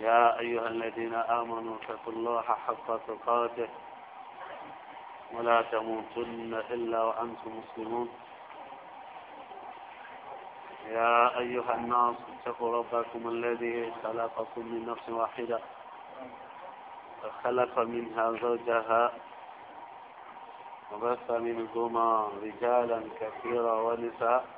يا أيها الذين آمنوا اتقوا الله حق تقاته ولا تموتن إلا وأنتم مسلمون يا أيها الناس اتقوا ربكم الذي خلقكم من نفس واحدة خلق منها زوجها وبث منكما رجالا كثيرا ونساء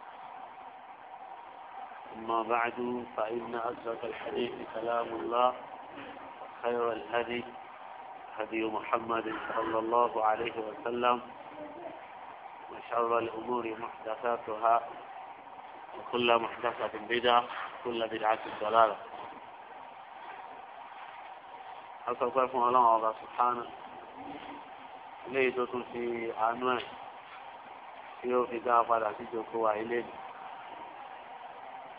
أما بعد فإن أصدق الحديث كلام الله خير الهدي هدي محمد صلى الله عليه وسلم وشر الأمور محدثاتها وكل محدثة بدعة كل بدعة ضلالة أصدق الله سبحانه ليدة في عنوان يوفي دافع dá padà sí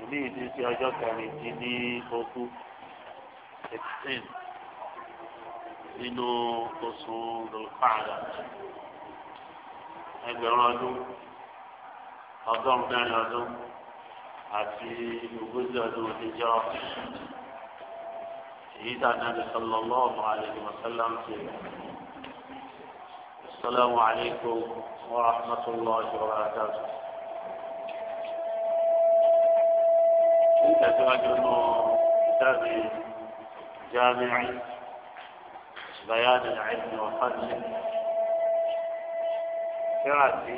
ilé ìdí sí ọjọ́ kẹrin dín ní ogún sixteen nínú oṣù lùfàdà ẹgbẹ̀rún ọdún ọgọ́rùn mẹ́rin ọdún àti ogójì ọdún òdìjọ èyí tá a nàbì sọlọ lọ́ọ̀mù àlejò mọ́sálàmù sí i. السلام عليكم ورحمة الله وبركاته tẹ̀síwájú nù ìdábì jámìrì bayani ẹ̀yìn ọ̀fàlẹ̀ kíra tí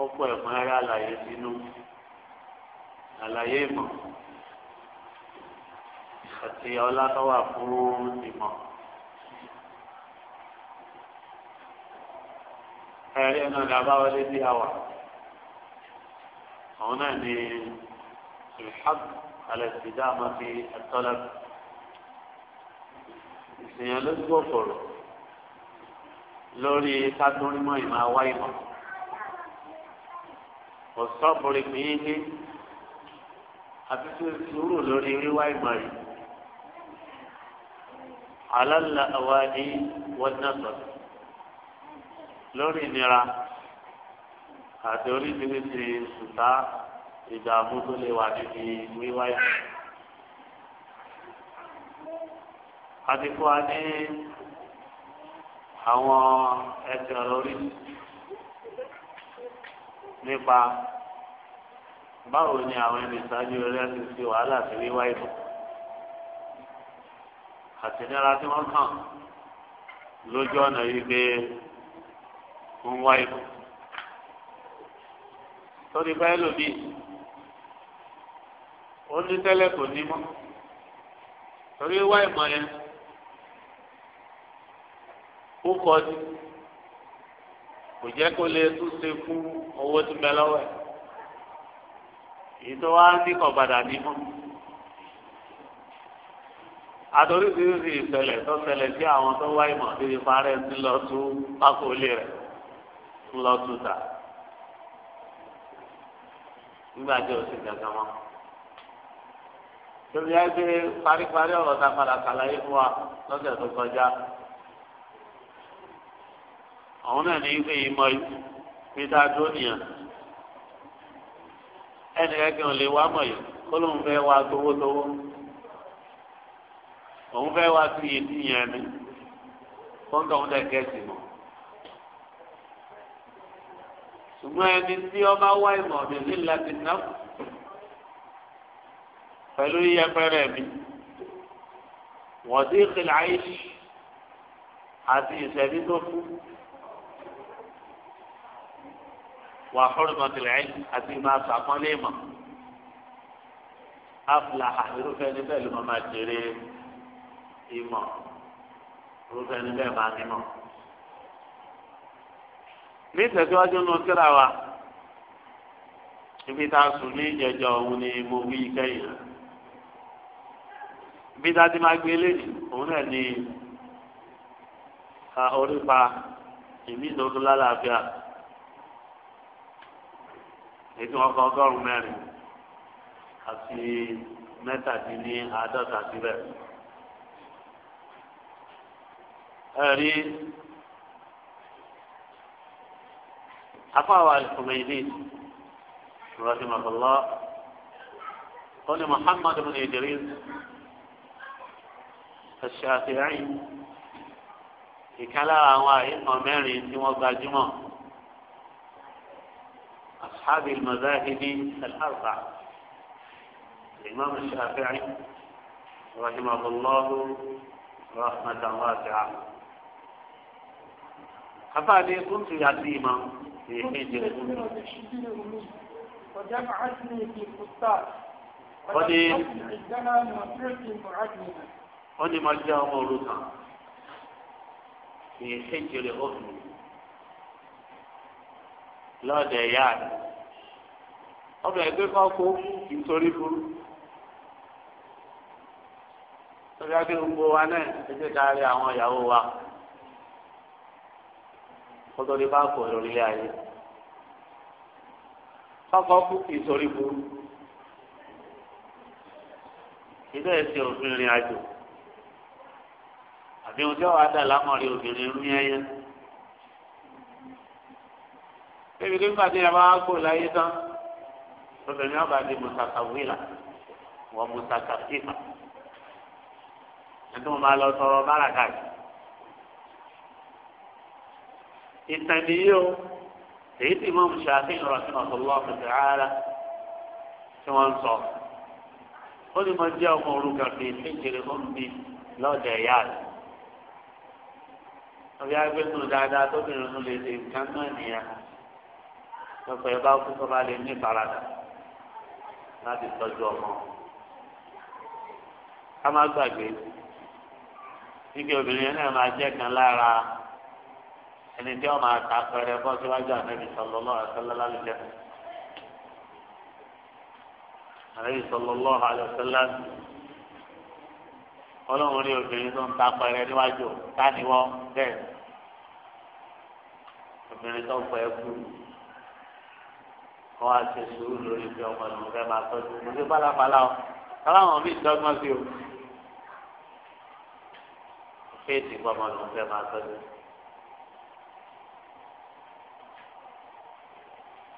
ó pọ̀ ẹ̀gbọ́n ara àlàyé sínú àlàyé ìmọ̀ àti ọlátọ́wà fún ìmọ̀. ẹ̀rí ẹ̀nà ìdàbáwọlé bí a wà. àwọn náà ni. الحق على استدامة الطلب ìsèyàn ló gbọ́ kọ̀rọ̀ lórí kátólímọ̀ ìmọ̀ àwa ìmọ̀ ọ̀sọ́bùrẹ̀ pínpín àti tí o sùúrù lórí wíwá ìmọ̀ yìí alálà àwa ní wọ́dínàtọ̀ lórí ìnira àti oríṣiríṣi sùtá ìdààmú tó lè wà níbi wíwá ìlú. àti fún wa ní àwọn ẹsẹ̀ lórí nípa báwo ni àwọn ẹni ìsáájú rẹ ti fi wàhálà sí wíwá ìlú àtẹnára tí wọ́n kàn lójú ọ̀nà yìí pé ń wá ìlú. torí báyìí lòdì ó ní tẹ́lẹ̀ kò ní mọ́ torí wá ìmọ̀ yẹn ó kọ́ ni kò jẹ́ kó lè tún ṣe fún owó tó bẹ lọ́wọ́ ẹ̀ èyí tó wá ní kọ̀bàdà ní mọ́ àtòrí ti rí ìṣẹ̀lẹ̀ tó ṣẹlẹ̀ sí àwọn tó wá ìmọ̀ tó ti parẹ́ ń lọ tún pákó ilé rẹ̀ ń lọ tún tà nígbà tí o sì gàgà mọ́ tóbi á gbé paríparí ọ̀rọ̀ ta padà kàlàyé fún wa lọ́sẹ̀ tó kọjá. àwọn náà ní ìgbé ìmọ̀ peter adonian ẹnì kẹ́kẹ́ ò lè wá mọ̀ yìí kó lóun fẹ́ wá tówótówó òun fẹ́ wá sí ìdí yẹn ni ó ń tọ́hún dẹ̀ gẹ̀ẹ́sì mọ́ ṣùgbọ́n ẹni tí ọba wá ìmọ̀ ọ̀dẹ̀ nílẹ̀ ti náà pẹ̀lú yẹpẹrẹ mi wọ́n ti kìlà ayé àti ìṣẹ̀lí tó kú wà hórìmọ̀ kìlà ayé àti máa sàpọ́nlé mọ̀ afla irúfẹ́ ní bẹ́ẹ̀ ló máa máa jèrè ìmọ̀ irúfẹ́ ní máa nímọ̀. ní ìtẹ̀síwájú nínú kíra wa ibi tá a sùn ní ìjẹjọ òun ni mo wí kẹ́yìn bí dájú máa gbé eléyìí òun náà ní orípa ìmí ìdókòó lálàáfíà ètò ọkọ ọgọ́rùn mẹ́rin àti mẹ́tàdínní àádọ́ta síbẹ̀. ẹ̀rí afáwa ìfúnmẹ́yìdì rọ́ṣìmọ̀kọ́lọ́ ó ní muhammadu bin idris. الشافعي ìkan وإن àwọn àyíkan mẹ́rin tí أصحاب المذاهب الأربعة الإمام الشافعي رحمه الله رحمة واسعة أفادي كنت يتيما في حجر وجمعتني في قصار وقد عندنا في معجمة ó ní máa jẹ́ ọmọ òrukàn ní ìṣèjìrì òfin lọ́ọ̀dẹ̀ ìyá rẹ̀ ọbẹ̀ ẹgbẹ́ kan kó nítorí burú lórí abẹ́ gbogbo wa náà ẹgbẹ́ darí àwọn ìyàwó wa kọ́tọ́lé bá kọ̀ lórí ayé kọ́kọ́ kú nítorí burú ilé ẹ̀sìn òfin rìn àjò àdéhùn tí wàá dà lámọ̀rí obìnrin rú yẹn yẹn. Bébí kí nígbà tí a bá kó láyé tán, obìnrin náà bá di mùsàkàwìlà wọ mùsàkàfìfà. Ẹni tí mo máa lọ tọrọ bára káàkiri. Ìtàn nìyí o, èyí tí Imam Shafi'i rahimahullahu ta'ala tí wọ́n ń sọ. Ó ní mo jẹ́ ọmọ òrukàn bíi méjìlél lọ́dẹ̀ yára ọbẹ̀ agbẹ́sùn dáadáa tó bìnrin tó lè ṣe nǹkan náà nìyẹn lọ́pọ̀ ẹ bá kú tó bá lè ní ìfaradà láti tọ́jú ọmọ. ká má gbàgbé wíkẹ́ obìnrin náà máa jẹ́ kan lára ẹni tí wọ́n máa ta pẹrẹ bọ́ síwájú ànábì sallallahu alaihi wasallam lálẹ́ ànábì sallallahu alaihi wasallam ọlọ́run rí obìnrin tó ń ta pẹrẹ níwájú tániwọ́ bẹ́ẹ̀ obìnrin tó ń pẹ́ kú wọ́n á ṣe sùúrù lórí ibi ọmọ ìlú fẹ́ máa tọ́jú mo ṣe pálapàla o aláwọn míì dọ́gbọ́n sí o fèèsì ọmọ ìlú fẹ́ máa tọ́jú.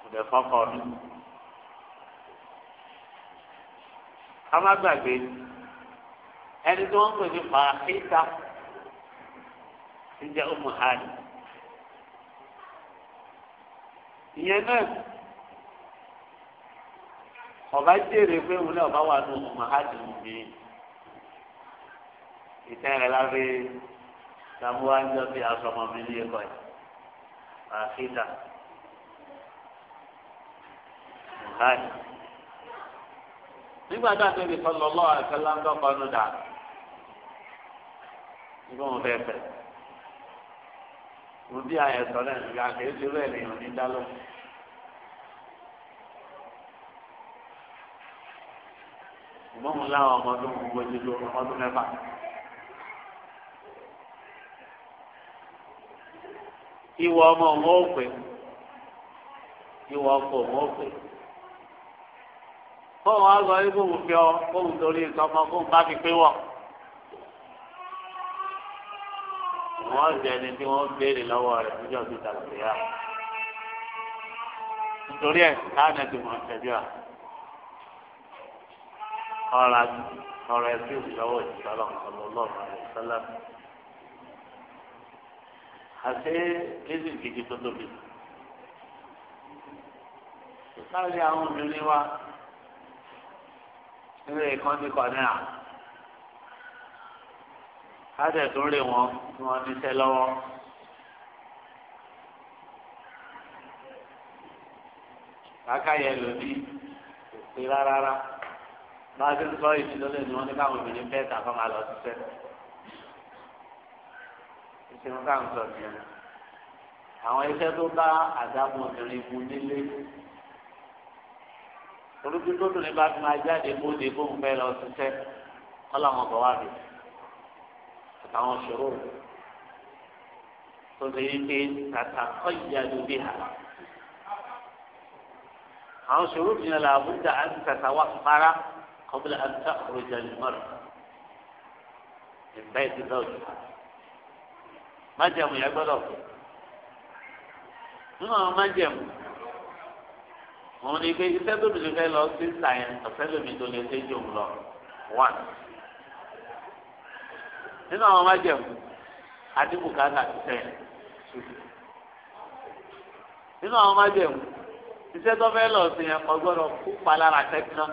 ìbẹ̀ fọ́kọ̀ mi. ká má gbàgbé ẹni tí wọ́n ń pè ní màáhíta ń jẹ́ ọmọ hàní. ìyẹn náà ọba jèrè pé òun náà bá wà ní ọmọ hàní mi ìtẹ́ rẹ̀ lábẹ́ sàmúwá ń jọ bí asọmọ mi ní ẹ̀kọ́ yìí màáhíta hàní. nígbà tá a ti rí sọlọ́lọ́ àti sọlá ń dọ́kọ̀ ọdún dáa nígbà wọn fẹẹ fẹ mo bí àyẹsọ náà nígbà kéésì rẹ lèèyàn ní dáló. ìmọ̀mù láwọn ọmọ tó ń gbogbo ojú ọmọ tó mẹ́fà. ìwọ ọmọ wọn ò pè ìwọ ọkọ wọn ò pè fóun á sọ òun fi ọ fóun torí ìtọ́mọ fóun bá fi pé wọ̀. wọ́n jẹ́ ẹni tí wọ́n béèrè lọ́wọ́ rẹ̀ níjọ́ bíi tàbíyà. nítorí ẹ̀ káàdì ti mọ̀ ṣẹ́jú à. ọ̀rọ̀ ọ̀rọ̀ ẹ̀ fíìsì lọ́wọ́ ìjìká lọ́kọ̀ọ́ lọ́wọ́ rẹ̀ sọ́lá. àti ẹ̀sìn gidi tó tóbi. sáré àwọn obìnrin wa ilé ìkànnì kan náà káṣẹ̀ tó ń rè wọ́n tí wọ́n ti sẹ́ lọ́wọ́. kákàyẹ lòdì kò pé rárá bá a ti sọ ìdílé ni wọ́n ní káwọn obìnrin bẹ́ẹ̀ tà fún ma lọ síṣẹ́. ìṣèlú káwọn sọ sí àwọn iṣẹ́ tó bá àdámọ̀bìnrin mu nílé orúkú ní bá fi máa jáde bóde bóun fẹ́ lọ ṣiṣẹ́ ọlọ́run ọ̀bọ̀ wà bẹ́ẹ̀ àtàwọn ṣòro tó ṣe yí pé tàtà kọ́yà ló bí hà àwọn ṣòro ti yàn làbúdà àti tàtà wà fara kọ́bílà àti tàkùrọ̀ ìjàlè mọ́rọ̀ ìgbà ètò náà jù májẹ̀mú yẹn gbọ́dọ̀ nínú àwọn májẹ̀mú òun ni pé iṣẹ́ tó lè fẹ́ lọ sí sàyẹn ọ̀fẹ́ lómi tó lè ṣe jù lọ one nínú àwọn májẹ̀mú àdínkù kàkà tẹ̀ nínú àwọn májẹ̀mú iṣẹ́ tó fẹ́ lọ sí yẹn kò gbọ́dọ̀ kú palára tẹ́kán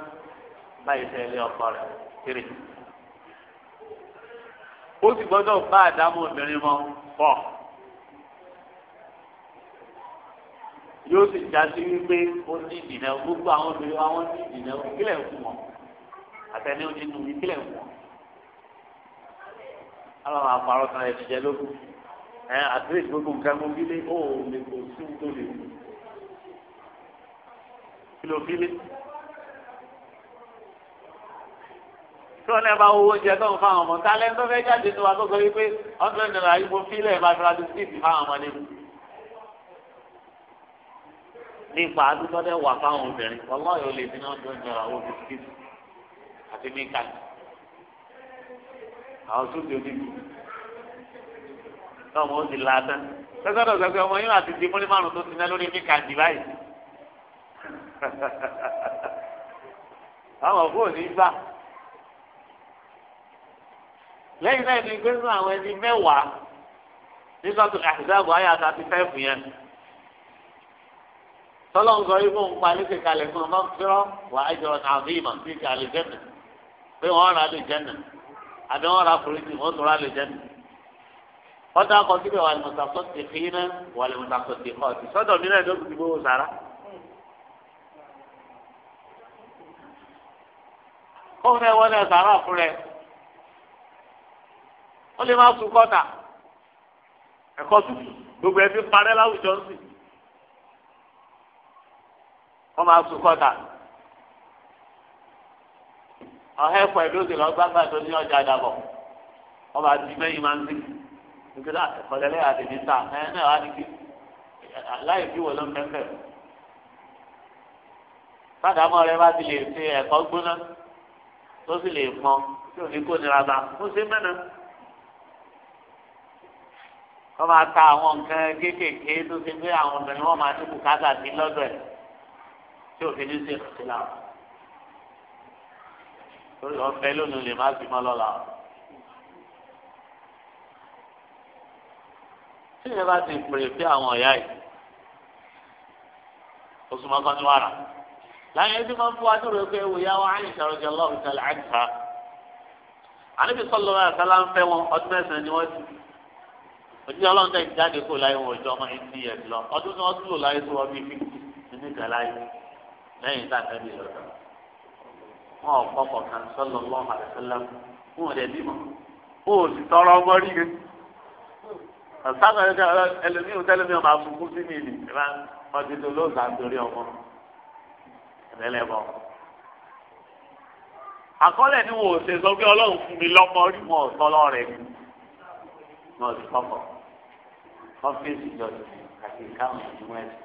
báyìí fẹ́ lé ọkọ rẹ̀ kiri ó sì gbọ́dọ̀ bá àdámù obìnrin mọ́ pọ̀ yóò sì já sí wípé ó ní ìdìnnà gbogbo àwọn obìnrin wa wọ́n ní ìdìnnà kílẹ̀ fún wọn àtẹni ó ní ìdìnnà kílẹ̀ fún wọn àwọn àpárọ̀ kan ẹ̀sìn jẹ lókun ẹ̀ àtúrẹ́sì gbogbo nǹkan mú bílé ó lè kó sí tó lè kú kí ló bílé. tí wọn lè bá owó jẹ tó ń fa àwọn ọmọ tálẹ́ tó fẹ́ jáde tó wa tó sọ wípé ọ̀sán ìdìbò àyíkó fílẹ̀ bá fẹ́ adé síìtì fáwọn ọmọdé. nípa adúgbò dẹ́ wà fáwọn obìnrin ọlọ́ọ̀yọ́ lè fi náà tó ń jọra owó bisikíìtì àti míkàtì àwọn tó di oníbi náà wọn ti la tán sẹsọdọ sẹsọ ọmọ yín àti di múlẹ márùn tó ti ná lórí níka dì àwọn fóònù gbà lẹ́yìn náà ni gbẹ́sùn àwọn ẹni mẹ́wàá nígbà tó àṣìṣàbò ayé àtàtì fẹ́ẹ̀fù yẹn tọ́lọ́ ń sọ yìí fún palẹ́ kékalẹ̀ fún ọmọ fúnrọ́ wà á jọ àbí ìmọ̀ sí ìkàlẹ̀ jẹ́nà pé wọ́n rà á lè jẹ́nà àbí wọn ra foríjì wọn tún ra lè jẹ kọta kọ síbẹ̀ wà lùmùtàkọ ti fi iná wà lùmùtàkọ ti kọ ti sọ́dọ̀ mi náà ló ti gbówó sára. kóun náà wọlé fún rẹ ó lè má sun kọ́ta ẹ̀kọ́ tútù gbogbo ẹbí parẹ́ láwùjọ ń sìn wọ́n máa sun kọ́ta ọ̀hẹ́ pẹ̀lú òsè lọ gbàgbà tó ní ọjà dàbọ̀ ọba àti mẹ́yìn máa ń sìn nítorí àkọlẹ́lẹ́ àdèmí ta ẹ̀ náà wá ní kí láì fi wọ́n lọ mẹ́fẹ́. sádàmọ́ rẹ bá ti lè ṣe ẹ̀kọ́ gbóná tó sì lè pọn tí ò ní kó nira bá ó ṣe mẹ́nà. wọ́n máa ta àwọn nǹkan kéékèèké tó ṣe pé àwọn obìnrin wọn máa ti bùkátà sí lọ́dọ̀ ẹ̀ tí òfin ní ṣe kò sí làwọn torí ọ̀fẹ́ lónìí lè má bímọ lọ́la. tí ìyẹn bá ti pèrè pé àwọn ọ̀yá yìí oṣù mọ́kàn ní wàrà láyé ẹbí máa ń fún wa tó rẹ pé ewu ya wa àyìn ṣàròjẹ ọlọ́run tẹ̀lé àìsà àníbi sọ́lọ́ rẹ̀ àtàlà ń fẹ́ wọn ọdún mẹ́sàn-án ni wọ́n ti òjijì ọlọ́run tẹ̀ jáde kó láyé wọn ọjọ́ ọmọ ẹni yẹn lọ ọdún tí wọ́n tún lò láyé tó wọ́n bí fífi ní ìgbà lẹ́yìn tá a fẹ́ bí lọ́dọ̀ wọn ò kọ́kọ́ kan sọ́lọ́ lọ́wọ́ àdìsẹ́lẹ̀ fún ọ̀dẹ̀ bímọ ó sì tọrọ ọgbọ́n rí ni ọ̀sán ẹlẹ́mìí ò tẹ́lẹ̀mìí ọmọ àfukú sí mi nì ọdún tó ló sàn torí ọmọ ẹlẹ́lẹ́bọ̀ àkọọ́lẹ̀ ni wò ó ṣe sọ pé ọlọ́run fún mi lọ́mọ rí wọn ò tọ́lọ́ rẹ̀ ni wọn ò sì kọ́kọ́ ọ́fíìsì jọ̀dún àti ìkáwọn ìdúnwẹ̀sì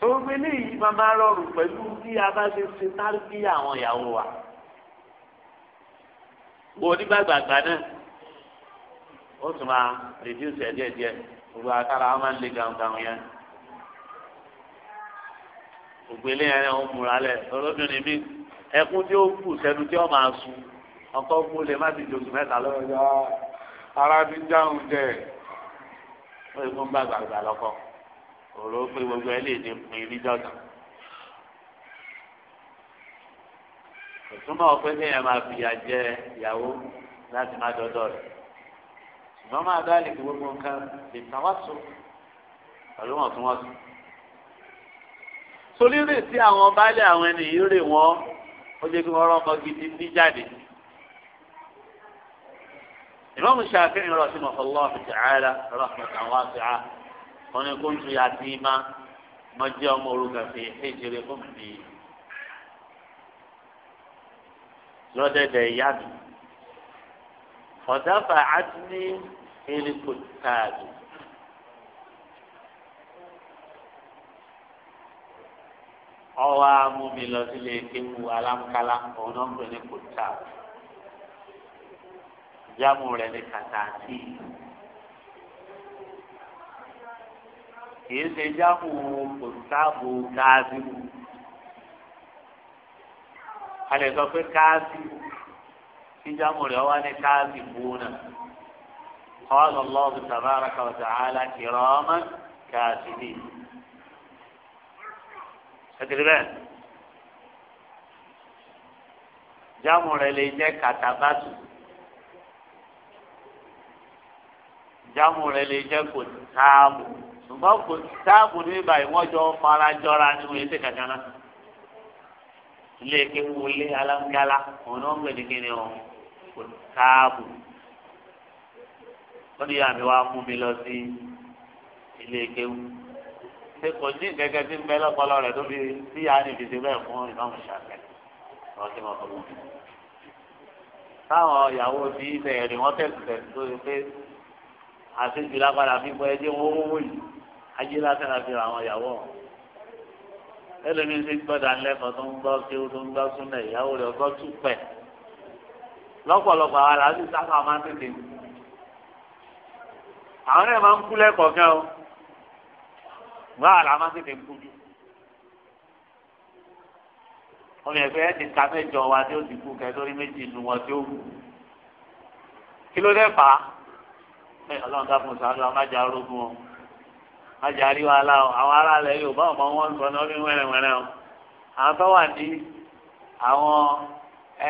gbogbo eléyìí máa máa rọrùn pẹ̀lú bí a bá ṣe ṣe táríkì àwọn ìyàwó wa. wo onígbàgbàgbà náà ó tún máa rìdíùsì ẹ̀ díẹ̀díẹ̀ gbogbo àkàrà wọn máa ń le gàǹgàǹ yẹn. gbogbo eléyìí ẹni wọn múra lẹ olóbìnrin mi ẹkún tí ó kù sẹ́nu tí ó máa sun ọkọ kú lè má ti dòṣù mẹ́ta lọ́wọ́ ara ti dáhùn jẹ́ ẹ̀ ó yẹ kó gbàgbàgbà lọ́kọ̀ọ́ òró pé gbogbo ẹ lè ní pin níjọ́gàn. ìtumọ̀ pé ní ẹ máa fìyà jẹ ìyàwó láti má dọ́dọ̀ rẹ̀ ṣùgbọ́n máa dá lè gbogbo nǹkan ìtawásó pẹ̀lú wọn tún wọn sí. torí rè sí àwọn baálé àwọn ẹni yìí rè wọ́n ó jẹ́ kí wọ́n rọ́mọ gidi ní jáde. ìmọ̀mù ṣàfihàn rọ̀ sí mọ̀fọ́lọ́ọ̀fù tààlà rọ̀ mọ̀tàn wá sí a wọn ni kóńtù yà ti má mọ jẹ ọmọ orúkọ fi éjèrè fún mi lọdẹdẹ ìyá mi ọ̀dàfà àti ní erékò táàgì. ọwọ́ amú mi lọ sílé kéwu alámkálá òun náà ń pè ní kòtà jámù rẹ̀ ní kàtàkì. kìí ṣe jáfù kòtàbù káàsìbù a lè sọ pé káàsìbù tí jáfù rẹ̀ wá ní káàsìbù náà kọ́ọ̀lù lọ́ọ̀bù tàbára kàwọ́tà àlà kìrọ́ọ̀mà káàsìbì. ẹtìrì bẹ́ẹ̀ jáfù rẹ̀ lè jẹ́ kàtàbátù jáfù rẹ̀ lè jẹ́ kòtàbù ṣùgbọ́n kò táàbù ní báyìí wọ́n jọ fara jọra ní wọ́n yẹn ti kankan náà ilé kéwu ilé alámgala òun náà ń gbé ní kíni o kò táàbù wọ́n ní àmì wa mú mi lọ sí ilé kéwu ṣe kò ní gẹ́gẹ́ tí ń bẹ lọ́pọlọ rẹ̀ tó fi sí àárín ìfìdí bẹ́ẹ̀ fún ìbámu ṣàfẹ́ wọ́n ti mọ̀ fún mi. táwọn ìyàwó ti ilẹ̀ rẹ̀ wọ́n tẹ̀sí tó ṣe pé àti jùlọ padà fi pọ̀ wọ́wọ́wọ́ yìí ajé lásán àfi àwọn ìyàwó ẹlòmíín ti gbọ́dọ̀ alẹ́kọ̀ọ́ tó ń gbọ́ kí ó tó ń gbọ́ súnlẹ̀ ìyàwó rẹ̀ ọgbọ́ tún pẹ̀ lọ́pọ̀lọpọ̀ àwọn aláàbí sáfà máa ń tètè àwọn náà máa ń kú lẹ́kọ̀ọ́ gan o gbọ́ àlá máa ń tètè kú jù ọmọ ẹgbẹ́ ẹ̀ ti ka mẹ́jọ wa tí ó ti kú kẹ́tọ́rí méjì nu wọn tí ó wù kí ló dé fà á ọlọ́run dákun sàánú amájà orógún o. Ajari àríwá aláwọ àwọn ará ilẹ̀ yorùbá ọmọ wọn ń sọ ní ọdún wẹ́rẹ́wẹ́rẹ́ o àwọn tó wà ní àwọn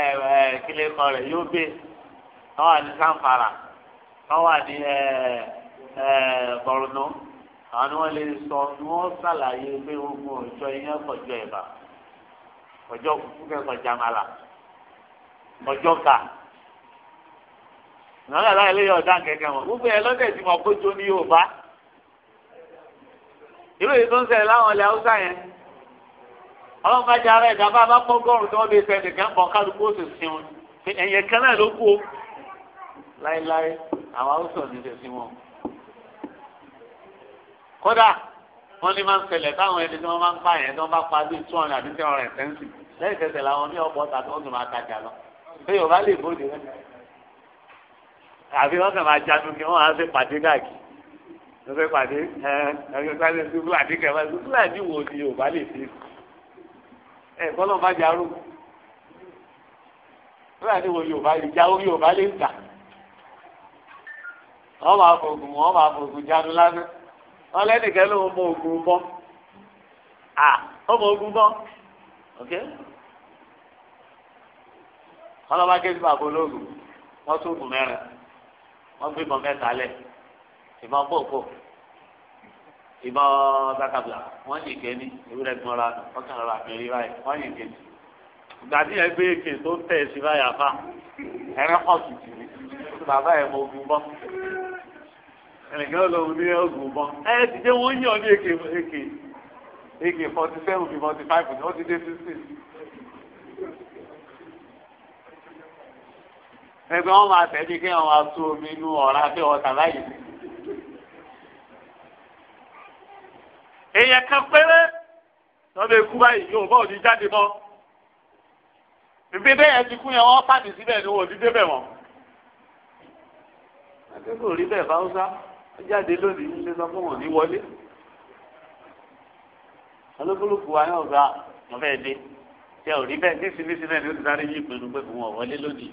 ẹ ẹ kílẹ̀ kan rẹ̀ yóò gbé tó wà ní sàǹfàrà tó wà ní ẹ ẹ bọ̀rùnú àwọn ni wọ́n lè sọ ni wọ́n sàlàyé pé ogun ọjọ́ iná kọjọ ẹ̀bà ọjọ́ kúkẹ́ kọjá màlà ọjọ́ kà ìnáwó ẹ̀ láyé lè yọ̀ ọ̀dà wọn gbogbo ẹ̀ lọ́dẹ̀ tí mo kó jó ní yorùbá irú èyí tó ń ṣẹlẹ̀ láwọn ilẹ̀ haúsá yẹn ọlọ́run bá jẹ́ ara ẹ̀dá bá bá pọ́ gọ́rùn tí wọ́n lè fẹ́ nìkan bọ̀ kálukú ó sì sin wọn ẹ̀yẹ kan náà ló kú o láéláé àwọn haúsá ò ní ṣe sí wọn. kódà wọ́n ní máa ń ṣẹlẹ̀ táwọn ẹni tí wọ́n máa ń pa yẹn tí wọ́n bá pa bíi two hundred àti three hundred and twenty lẹ́yìn tẹ̀sẹ̀ làwọn ní ọ̀pọ̀ ọ̀tà tó tún máa tajà lọ pé yorùbá lè bóde rẹ̀ àbí wọ́n kàn máa jagun kí wọ́n á ṣe pàdé káàkiri lọ́fẹ́ pàdé ẹ ẹgbẹ́ pàdé sùkúlù àdìgẹ́ wá sùkúlù àdìwò ni yorùbá lè fi ẹ kọ́lọ́ bá jarú sùkúlù àdìwò yorùbá lè jarú yorùbá lè gbà wọ́n máa fògùn wọ́n máa fògùn jánu lásán wọ́n lẹ́nìkan ló ń mọ ògùn bọ́ à ó mọ ògùn bọ́ ok ọlọ́ba kéjì bàbá olóògùn wọ́n tún ògùn mẹ́rin wọ́n gbé bọ́ mẹ́ta lẹ̀ ìbọn bò bò ìbọn zakabla wọ́n yìí kéni ewúrẹ́ gbọ́n ra nù ọkàn rọra àbẹ̀rẹ̀ báyìí wọ́n yìí kéni ìgbà tí ẹ gbé èké tó tẹ̀ sí báyà fà ẹ̀rẹ́ pọ̀ tìtì ni bàbá ẹ̀ mọ ogun bọ́ ẹnìkan lòun ní ogun bọ́ ẹ ti dé wọ́n yàn ní èké èké èké forty seven bí forty five ni wọ́n ti dé sixty. ẹgbẹ́ wọn máa tẹ̀ bí kéèyàn máa tú omi inú ọ̀rá bí ọ̀tà báyìí. èèyàn kan péré lọ́bẹ̀ ikú báyìí yóò bá òní jáde mọ́ ìgbé bẹ́ẹ̀ ti kú yẹn wọ́n pàdé síbẹ̀ ni wọ́n ò ní débẹ̀ mọ́. akẹ́kọ̀ọ́ rí bẹ́ẹ̀ fáwọ́sá ó jáde lónìí ń lé sọ fún wọn ní wọlé. olókùlùkù wa yóò gba wọn fẹ́ẹ́ dé tẹ ò rí bẹ́ẹ̀ nísìnyísìn náà ni ó ti sáré yí ìpinnu pé kò wọ́n wọlé lónìí.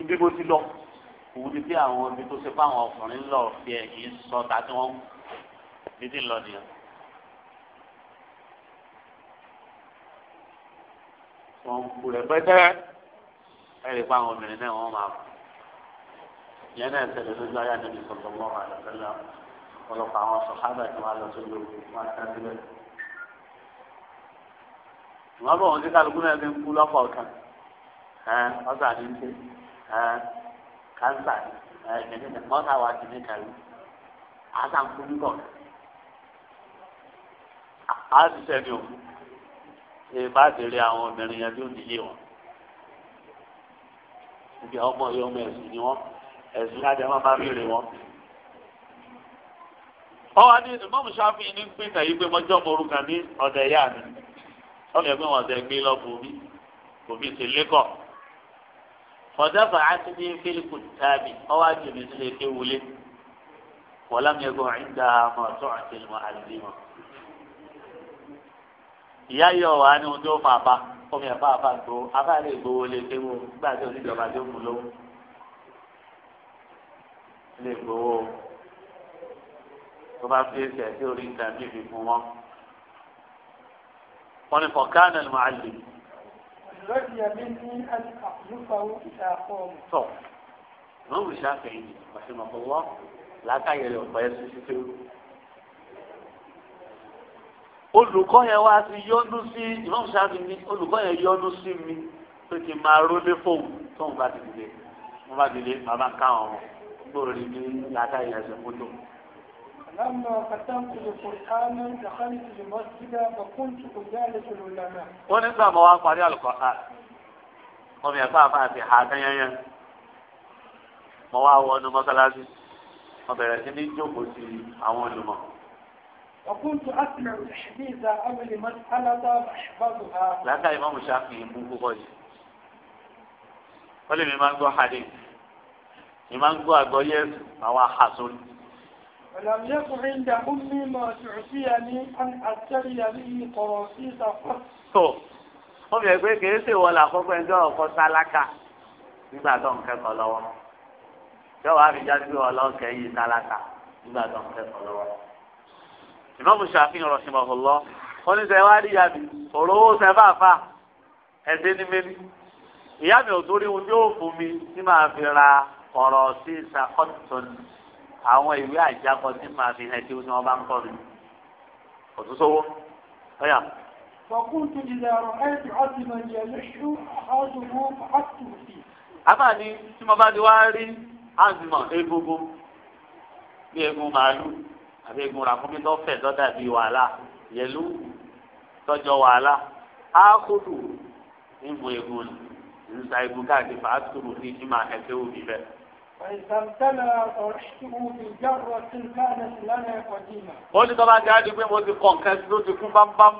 ibi mo ti lọ òun ni bí àwọn ibi tó ṣe fáwọn ọkùnrin lọ fi ẹ̀yìn sọ tàbí wọn bí ti lọ nìyẹn. wọn kú rẹ pẹtẹ ẹrí pa àwọn obìnrin náà wọn máa kú yẹn náà ṣẹlẹ̀ lójú ayé àdébí sọgbọ wọn wà lọsẹlẹ ọ̀pọ̀lọpọ̀ àwọn sọhábà tí wọn lọ sójú ogun wọn ká sílẹ̀. ìwọ́n bọ̀ wọn sí kálukú náà ti ń kú lọ́pọ̀ kan ọ̀sán ní ṣe kansa ẹ̀ẹ́dẹ̀ẹ́dẹ̀ mọ́tà wà kìíní kàrí àtàkùn kọ̀ á ti sẹ́ni òkú ṣe bá ti rí àwọn obìnrin yẹn tó níyé wọn ibi ọmọ yìí ọmọ ẹ̀sìn ni wọn ẹ̀sìn láti ẹ̀ma bá béèrè wọn. ọwọ́ ní ìmọ̀mù ṣáfì ní pínlẹ̀ yìí pé mọ́jọ́ moru kan ní ọ̀dẹ̀ yá mi ọ̀dẹ̀ pé wọ́n ọ̀dẹ̀ gbé lọ bòmí bòmí ti lékọ̀ọ́ kọ̀dáfà àtúndì fílíkù tàbí ọwọ́ àjòyè sílé kéwulé wọlámiyẹgùn àyíǹda mọ̀tò àti ìmọ̀ àlùmíọ̀. ìyá yọ wà ní ohun tó fà bá omi ẹ̀fọ́ àfàgbò afáàlẹ̀ ìgbowó lè kéwò nígbà tí oníjọba tó mú lówó lè gbowó tó bá fi ẹsẹ̀ sí orí nǹkan bí fún wọn. wọn ni fọ̀kánà ni mo رضي مني أن أخلفه إذا قام طب الإمام الشافعي رحمه الله لا تعير يقيس في olùkọ́ yẹn wá sí yọ́nú sí ìmọ̀ ṣáàbì ní olùkọ́ yẹn yọ́nú sí mi pé kí n máa rólé fóun tóun bá ti dìde wọ́n bá dìde bàbá ń ká àwọn ọmọ gbòòrò ní látàrí ẹsẹ̀ fótó. لما ختمت القرآن دخلت المسجد فكنت أجالس العلماء. wọ́n nígbà mọ́ wá parí àlùkọ́hán wọ́n mi ẹ̀fọ́ àfáà ti hà kányányá mọ́ wá wọnú mọ́sálásí wọ́n bẹ̀rẹ̀ sí ní jókòó sí àwọn olùmọ̀. وكنت أسمع الحديث أول مسألة فأحفظها. لكن إمام الشافعي mú púpọ̀ yìí wọ́n lè mi máa ń gbọ́ hadith mi máa ń gbọ́ àgbọ́yé àwọn àhàsórí. ولم يكن عند أمي ما تعفيني أن أشتري به قراصيص قط. tó wọ́n fi ẹgbẹ́ kìí ṣe wọlé àkọ́kọ́ ẹjọ́ ọkọ sálákà nígbà tó ń kẹ́kọ̀ọ́ lọ́wọ́ jọ̀wọ́ àbíjá sí ọlọ́ọ̀kẹ́ yìí sálákà nígbà tó ń kẹ́kọ̀ọ́ lọ́wọ́. ìmọ̀mù ṣàfihàn rọ̀ṣìmọ̀kù lọ ó ní sẹ́wá rí ìyá mi òrò owó sẹ́fà fà ẹ̀dín ní mẹ́rin ìyá mi ò torí ohun tí fún mi tí màá fi ra ọ̀rọ̀ sí ìsàkọ́tún àwọn ìwé àjákọ tí màá fi hàn tí wọ́n bá ń kọ́ kò tún sówó ọ̀yà. وقلت إذا رأيت عظما يلح أحده فحطه فيه. àbá ni tí mo bá ti wá rí azimọ̀ egungun bí egun màálù àbí egun ràkúnmí tó fẹ̀ bí wàhálà yẹlú tọ́jọ́ wàhálà ákùdù ń bu egun nìsa egun káàkiri fàá tùrù ní ìmọ̀ ẹ̀kẹ́ òbí bẹ́ẹ̀ ó ní tọ́ba ti adi pé mo ti kọ̀ nǹkan tó ti kú bámbám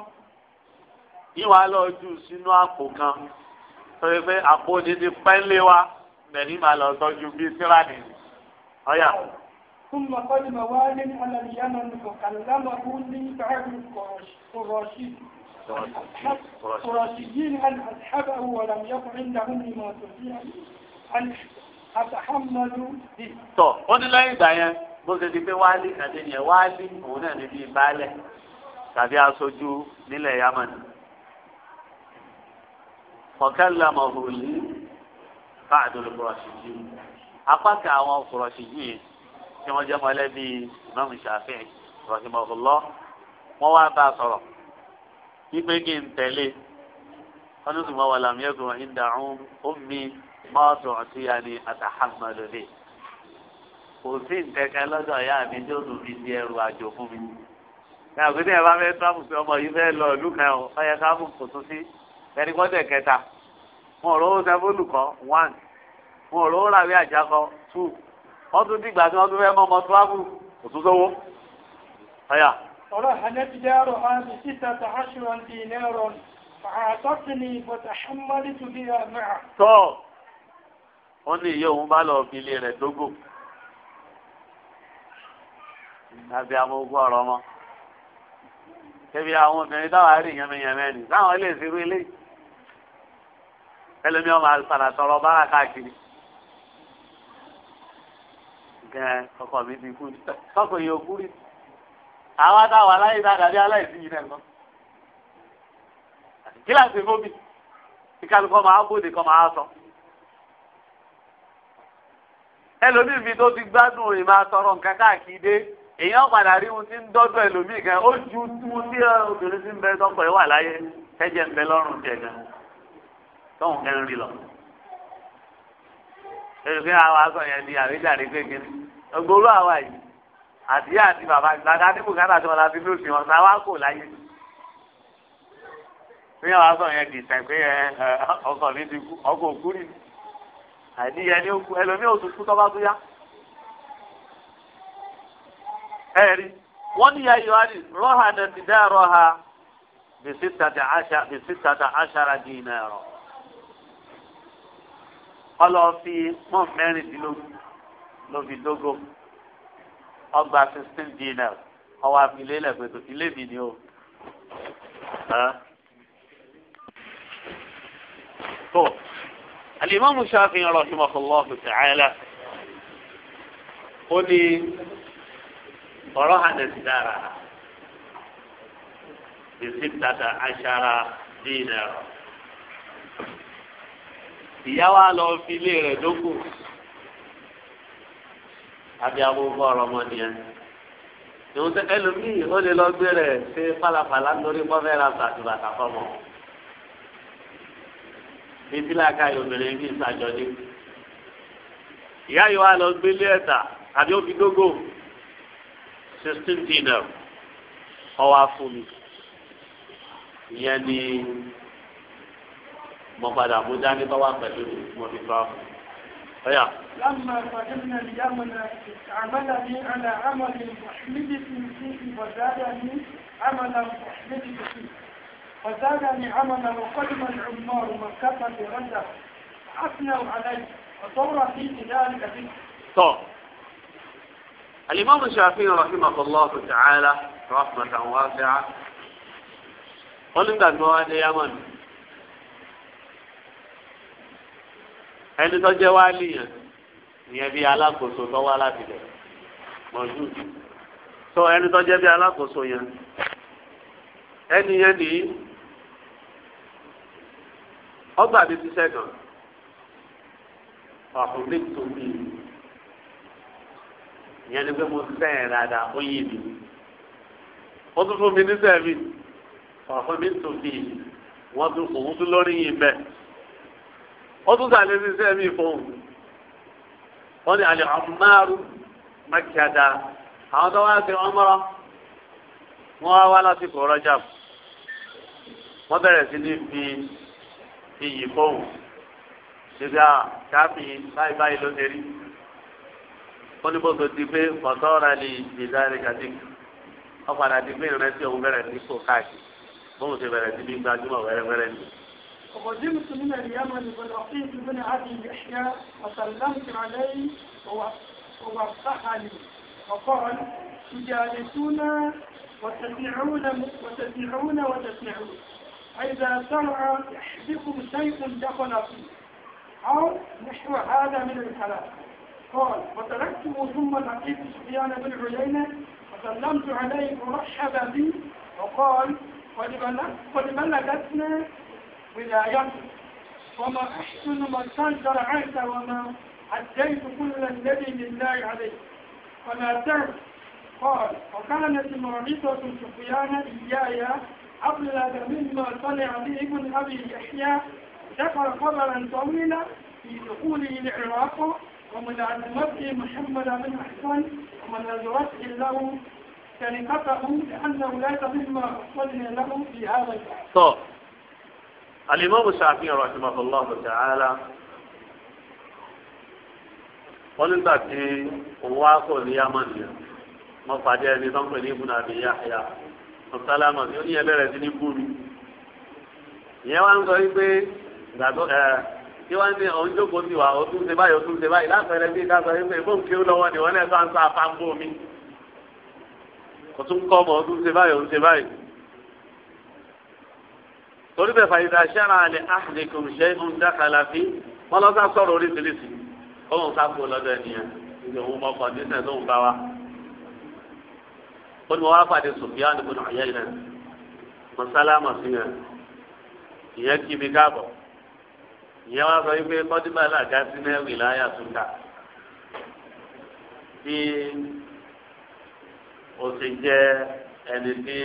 yíwá lọ jù sínú àpò kan torí pé àpò ni ti pẹ́ńlé wa bẹ̀rẹ̀ máa lọ tọ́jú bí sílánì ọ̀yà. ثم قدم وال على اليمن فكلمه لي بعد القرشي قرشيين ولم يكن عندهم لما تفيع tọ ó ní lẹ́yìn ìgbà yẹn bó ṣe di pé wálé kàdé yẹn wálé òun náà ní bíi baálẹ̀ tàbí aṣojú nílẹ̀ yamani kọkànlá mọ̀hùlì káàdùn kùrọ̀ṣìjì apá kan àwọn kùrọ̀ṣìjì tí wọ́n jẹ́ mọ́lẹ́bí ìmáàmù Ṣàfi'í rọ̀ṣìmọ̀hùlọ́ wọ́n wá bá a sọ̀rọ̀ wípé kí n tẹ̀lé wọ́n ní sùnmọ́ wàlámù yẹ́kùn ìdààrún máa tún ọtí ya ni àtàhámàlò lè kò sí nkẹkẹ lọ́dọ̀ ìyá mi tí ó dùn mí di ẹrù àjò fún mi ní àgbẹ̀dẹ ẹ bá fẹ́ tábù sí ọmọ yìí fẹ́ lọ ìlú kan ọ ọyẹ káàbù kò tún sí ẹni kọ́ dẹ̀ kẹta wọn ò rówó sẹ́fóònù one wọn ò rówó ràwé two wọ́n tún dìgbà tí wọ́n tún fẹ́ mọ́ ọmọ tíwábù kò tún sówó ọyà. ọ̀rọ̀ hànẹ́tì dárò àti síta tàhásùwọ̀n dì náírà fàákọ́sì ni wọ́n ní ìyá òun bá lọ fi ilé rẹ̀ dógò àbí amógún ọ̀rọ̀ ọmọ ṣebí àwọn obìnrin táwọn àárín yẹmẹyẹmẹ ni táwọn ilé ìṣirò ilé ẹlẹmi ọmọ àlùfàlà tọrọ bára káàkiri gan ọkọ mi ti kú tọkọ yìí òkú rí àwọn táwọn aláìsí àdàbí aláìsí yìí náà kan kíláàsì fóbi kíkálukọ máa bóde kọ máa sọ ẹlòmíì fi tó ti gbádùn ìmọ̀ àtọ̀rọ̀ nǹkan káàkiri dé èèyàn padà rí ohun tí ń dọ́dọ̀ ẹlòmíì kan ó ju tú tí eh, obìnrin ti ń bẹ tọkọ ẹ wà láyé tẹ́jẹ̀ ń bẹ lọ́rùn tiẹ̀ gan tóun kẹ́ ń rí lọ. erùkẹ́ àwọn aṣọ yẹn di àríjàre kékeré ògbóró àwa yìí àtìyá àti bàbá gbàgbà nípò kátà tí wọn la fi ló fi wọn sá wá kò láyé. fi hàn wá sọ yẹn dì sẹ́pẹ́ eh, eh, ọkọ̀ mi ti kú ọkọ̀ òkú rí àníyàn ni ó kú ẹlòmíì ò tún kú tọ́ bá tún yá. ẹ̀rí wọ́n ní yàyò àdì rọ́hà dẹ̀tí dẹ́ rọ́hà bìsítàtà àṣàrà dìínà ẹ̀rọ. ọlọ́ọ̀fi mọ́ mẹ́rìndínlógún ló fi dógó ọgbà sixteen dínà ọwọ́ àfilé lẹ́gbẹ̀ẹ́ ilé mi ni o. tó الإمام الشافعي رحمه الله تعالى قولي فرهن الدار بستة عشر دينار ìyáwá lọ fi ilé rẹ̀ dókò àbí agbóhùn ọ̀rọ̀ ọmọdé yẹn ìwọ̀n tẹ́lẹ̀ mi lè lọ gbé rẹ̀ ṣe pálapàla lórí pọ́fẹ́rẹ́ àtàtúbàtà fọmọ etí làákà obìnrin bí ìsàjọdé ìyá yìí wà lọ gbélé ẹ̀ta àbí ó fi dógò sixteen dinar ọwọ́ afúnmi ìyẹn ni mo padà mú dání bá wà pẹ̀lú mo fi bá fún un. هيا لما قدمنا اليمن عملني على عمل محمد فيه وزادني عملا محمد فيه فزادني عملا وقدم العمار مكة برجع أثنوا علي وطور في ذلك به طب الإمام الشافعي رحمه الله تعالى رحمة واسعة ولنبقى مواد يمن ẹni tó jẹ́ wálé yẹn ìyẹn bí alákòóso tó wá láti lẹ̀ mọ̀jú tó ẹni tó jẹ́ bí ọgbà mi ti sẹ́kàn ọ̀hún mi tó ni pé mo sẹ́yìn dáadáa ó yé mi wọ́n tún fún mi ní sẹ́mi ọ̀hún mi tó mi wọ́n tún òun tún lórí yìí mẹ́ wọ́n tún sàlẹ̀ sí sẹ́mi fún wọ́n ní alẹ́ ọ̀márù mákìádá àwọn tó wá sí ọmọrọ wọ́n wá wá iyì fóun ṣèbí à káfí báyìí báyìí ló ṣe rí ó ní bó so ti pé kọ̀tọ́ra lè ìdáre kàdé wọ́n padà di pé ìrẹsì òun bẹ̀rẹ̀ sí kò káàkiri bóun ṣe bẹ̀rẹ̀ sí bí gbajúmọ̀ wẹ́rẹ́wẹ́rẹ́ ni. وقدمت من اليمن بالرقيق بن ابي يحيى وسلمت عليه ووفق وقال تجالسون وتسمعون وتسمعون وتسمعون فإذا سمع يحسكم شيء دخل فيه أو نحو هذا من الكلام قال وتركته ثم لقيت سفيان بن عيينة فسلمت عليه ورحب بي وقال قد بلغتنا ولايته وما أحسن ما استنكر عنك وما عديت كل الذي لله عليه فما تعرف قال وكانت معرضة سفيان إياي أبلغ مما طلع به ابن أبي يحيى ذكر خبرا طويلا في دخوله العراق ومن وملازمته محمد بن أحسن ومناظرته له سرقته لأنه لا تهم ما وصلنا له في هذا البحث. طيب الإمام الشافعي رحمه الله تعالى قال nígbà هو òun wá kò ní yamani yẹn wọ́n pàdé ẹni ọ̀sálámọ̀ tí ó ní ẹlẹ́rẹ̀ sí ní búrú ìyẹn wá ń sọ wípé gbàdó ẹ kí wọ́n ní ọ̀hún jókòó sí wa ọdún ṣe báyìí ọdún ṣe báyìí lápẹẹrẹ bí ká sọ wípé fóun kí ó lọ́wọ́ ni wọ́n lẹ́sọ̀ à ń sọ àpamọ́ mi ọtún kọ́ ọmọ ọdún ṣe báyìí ọdún ṣe báyìí torí bẹ́ẹ̀ fàyídà ṣẹ́ra alẹ́ àhìnìkùn ṣe ń dákàlà fi wọ́n lọ sá sọ̀rọ̀ oríṣiríṣi ọ̀hún sá kó lọ́dọ̀ ènìyàn ìdòwú mọ́kàn dísẹ̀ ó ní mo wá pàdé Sufyan ibn Uyayna mo sálámà sí yẹn ìyẹn kí mi káàbọ̀ ìyẹn wá sọ wípé kọ́dúmọ̀ alága sí mẹ́rin láyà túnká bí o ti jẹ́ ẹni tí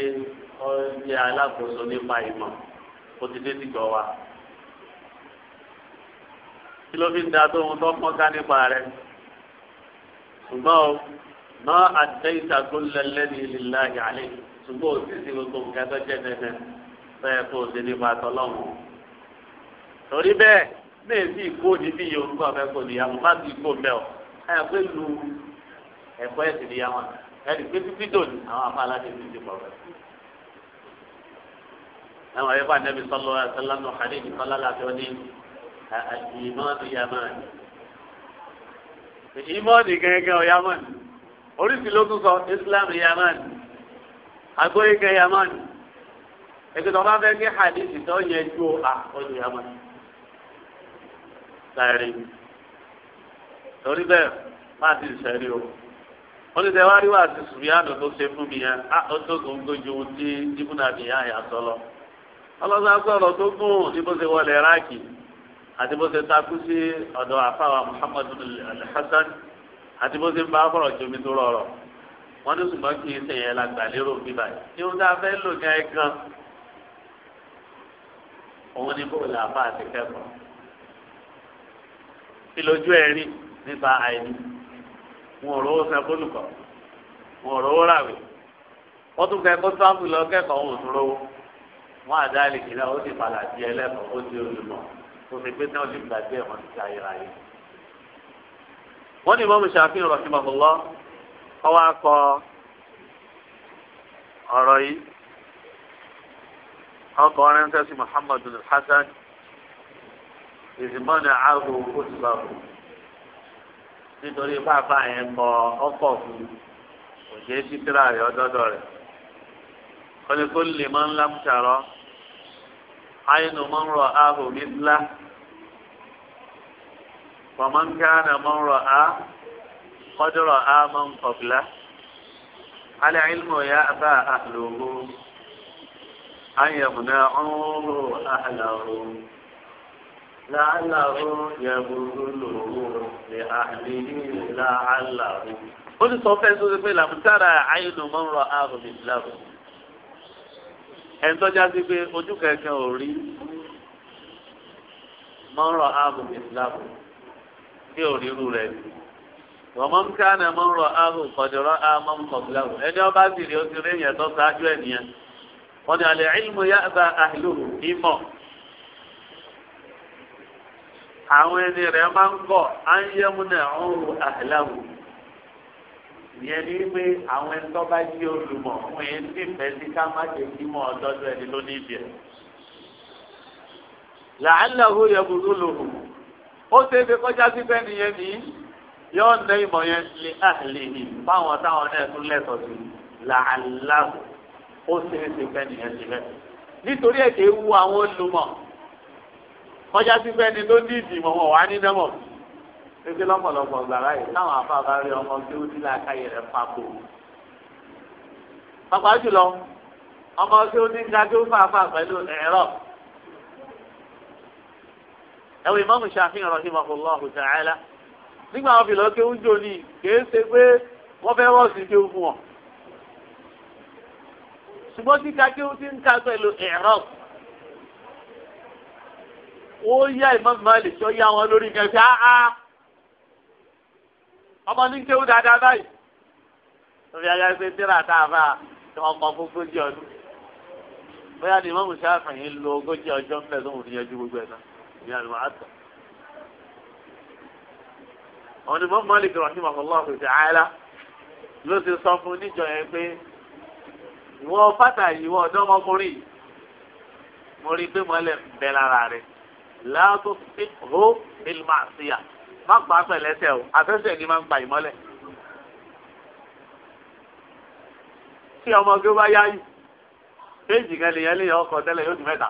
ó jẹ́ alákòóso nípa ìmọ̀ o ti dé dìgbọ́ wa kí da tó ohun tó pọ́n ká nípa rẹ̀ ṣùgbọ́n o má àtẹ́yìntà tó lẹ́lẹ́ ní ìlà ìyàlẹ́ ṣùgbọ́n òṣìṣẹ́ gbogbo nǹkan tó jẹ́ dẹ́dẹ́ fẹ́ẹ́ kó o ṣe nípa tọ́lọ́hùn. torí bẹ́ẹ̀ bẹ́ẹ̀ sì kó níbí yorùbá ọ̀fẹ́ kò níyàwó má sì kó mẹ́ ọ ẹ̀ pé lu ẹ̀kọ́ ẹ̀sìn níyàwó ẹ̀rì pé títí dòní àwọn afá aláṣẹ ti ti pọ̀ rẹ̀. ẹ̀wọ̀n ayé bá nẹ́bí sọ́lọ́ ẹ̀sẹ̀lánú ìmọ̀ ìyàmọ̀ ìmọ̀ ìgẹ̀gẹ̀ ọ̀yàmọ̀ ni oríṣi ló tún sọ islam yamani agbóyèké yamani ètùtù ọba fẹ́ kí hadithi tó yẹ ju a ojú yamani sáré torí bẹ́ẹ̀ má ti sẹ́rí o wọ́n ti sẹ́ wá rí wá sí sùmíàdù tó ṣe fún mi yẹn a ó tó kún gbójú tí ibùdó mi yá yà sọ lọ ọlọ́sà sọ̀rọ̀ tó gùn ní bó ṣe wọlé ráàkì àti bó ṣe takú sí ọ̀dọ̀ àfàwà muhammadu alhassan àti bó ṣe ń bá bọ̀rọ̀ jomi tó rọrọ̀ wọ́n ní ṣùgbọ́n kí iṣẹ́ yẹn la gbà lérò bí báyìí ní ohun tá a fẹ́ lò ní ẹ̀gán òun ni bó la bá àti kẹ́kọ̀ọ́ kí lójú ẹ̀ rí nípa àìní wọn ò rówó sẹ fólùkọ́ wọn ò rówó ràwé wọ́n tún kẹ́kọ̀ọ́ sáfù lọ kẹ́kọ̀ọ́ wọn ò tún rówó wọn àdáyé kìlá ó sì padà di ẹlẹ́kọ̀ọ́ ó di olùmọ̀ tó fi gbé náà lè gbàgbé ẹ̀wọ̀n ti ayérayé wọ́n ní ìmọ̀mù ṣàfihàn rahimahullah ọwọ́ akọ ọ̀rọ̀ yìí ọkọ̀ ọ̀rẹ́ńtẹ́ sí muhammad bin hasan ìsìmọ́nì ààbò òṣùbàbò nítorí pápá yẹn kọ ọkọ̀ fún òjé títírà rẹ̀ ọdọ́dọ̀ rẹ̀ kọ́ni kó lè mọ́ ńlá mú ṣàrọ́ àyìnbó ń rọ ààbò mi ńlá. فمن كان من رأى قد رأى من قبله العلم يأبى أهله أن يمنعوه أهله لعله يبذله لأهله لعله ó ní sọ fẹ́ sọ pé làmútàrà àyínú máa ń rọ ààrùn mi lẹ́rù ẹni tọ́já sí pé ojú kẹ̀kẹ́ ò rí máa ààrùn mi tí ò rí irú rẹ̀ ni wọ́n mọ̀ ń ká ní ẹ̀mọ́ ń rọ àrùn kọ̀dọ̀rọ̀ àmọ́ ń kọ̀ gbìlàwọ̀ ẹni ọba sì rí oṣù rẹ̀ yẹn tó ṣáájú ẹ̀ nìyẹn wọ́n ní alẹ́ ìlú yá bá àìlú ìmọ̀ àwọn ẹni rẹ̀ máa ń kọ̀ á ń yẹ́mu náà ń rò àìláwọ̀ ìyẹn ní pé àwọn ẹni tó bá jí olùmọ̀ fún yẹn tí ìfẹ́ sí ká má ṣe kí mọ́ ọ̀dọ́dọ́ ẹni ló ní ó ṣe é fi kọjá sí nìyẹn nìyí yóò lé ìmọ̀ yẹn lé àlè ní fáwọn táwọn náà tún lẹ́tọ̀ọ́ sí làálàá ó ṣe é fi fẹ́ nìyẹn síbẹ̀ nítorí ẹ̀ kì í wu àwọn olùmọ̀ kọjá sí fẹ́ni ló ní ìdìmọ̀ wọn wá ní dẹ́mọ̀ pépé lọ́pọ̀lọpọ̀ gbàrà yìí táwọn afáàbá rí ọmọ tí ó ní làákàyè rẹ̀ papò. pàpà jùlọ ọmọ tí ó ní gàdó fàáfà pẹ̀lú ẹ̀wọ̀n ìmáàmù Ṣáfi'í rahimahullahu ta'ala nígbà wọn fi lọ kí oúnjẹ òní kìí ṣe pé wọ́n fẹ́ wọ́n sì kí fún wọn. ṣùgbọ́n kíka kí wọ́n ti ń ka pẹ̀lú ẹ̀rọ ó yá ìmáàmù Málíkì ó yá wọn lórí kẹfẹ́ áá ọmọ ní kéwú dáadáa báyìí lórí ayé pé tíra tá a fà tí wọ́n mọ fún ogójì ọdún bóyá ni ìmáàmù Ṣáfi'í lo ogójì ọjọ́ ń ìyá àlùmọ́ àtọ̀. àwọn ni mọ́mọ́ Malik rahimahullahu ta'ala ló ti sọ fún níjọ yẹn pé ìwọ fata ìwọ ọ̀dọ́mọkùnrin yìí mo rí i pé mọ́lẹ̀ ń bẹ lára rẹ̀ láàtò hó ilmàṣíà má gbà pẹ̀lẹ́sẹ̀ o afẹ́sẹ̀ ni máa ń gba ìmọ́lẹ̀. tí ọmọ gbé wáyá yìí péjì kan lèyàn lè yàn ọkọ̀ tẹ́lẹ̀ yóò di mẹ́ta.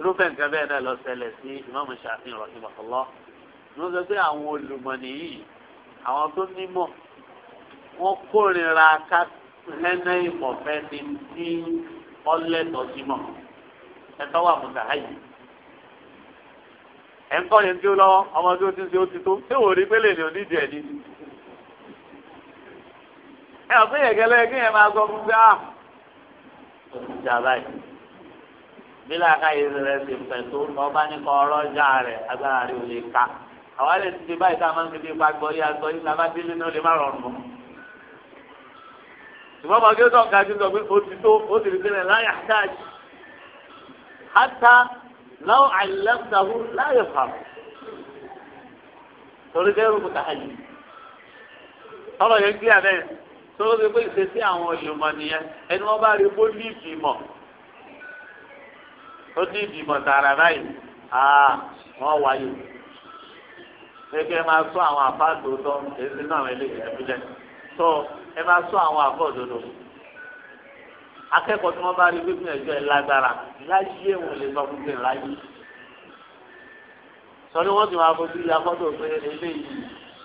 irúfẹ́ nǹkan bẹ́ẹ̀ náà lọ ṣẹlẹ̀ sí ìmáàmù Ṣáfi'í rahimahullah ní wọ́n sọ pé àwọn olùmọ̀nì yìí àwọn tó nímọ̀ wọ́n kórìíra ká lẹ́nà ìmọ̀fẹ́ ni tí ọlẹ́tọ̀ sí mọ̀ ẹ̀tọ́ wà mọ̀tà ayé ẹ̀ ń kọ́ yẹn tí ó lọ́wọ́ ọmọ tí ó ti ṣe ó ti tó ṣé wò rí pélé ni onídìí ẹ̀ ní. ẹ ò kí yẹn máa gbọ́ fún gbá. Ah, ó ti jà báyìí bí làákà yìí rẹ̀ ti pẹ̀ tó ọba ní kọ́ ọ̀rọ̀ ọjà rẹ̀ agbára rẹ̀ ò lè ka àwa lè ti báyìí tá a máa ń fi ipa gbọ́ yí agbọ́ yí lábá délé náà lè má rọrùn mọ́. ṣùgbọ́n bàbá yóò tọ́ka sí sọ pé o ti tó o ti rí láyà dáàjì. hátà láwọn àìlẹ́sàwó láyè fàmù. torí dẹ́rù kò dáa yìí. ọ̀rọ̀ yẹn gbé abẹ́ tó ló ti pé ìṣesí àwọn olùmọ̀ nìyẹn ẹni wọ́n bá rí bó ní ìfìmọ̀ tó ní ìbímọ tààrà báyìí ah, wọ́n wáyé gẹ́gẹ́ máa sọ àwọn àpáàtò tó èsì náà eléyìí ẹ̀fílẹ̀ tó ẹ máa sọ àwọn àpọ̀dodo akẹ́kọ̀ọ́ tí wọ́n bá rí gbígbìn ẹ̀jọ́ ẹ̀ lágbára láyé wọn lè sọ fún gbìn láyé sọ ni wọ́n ti máa fojú ya fọ́tò pé eléyìí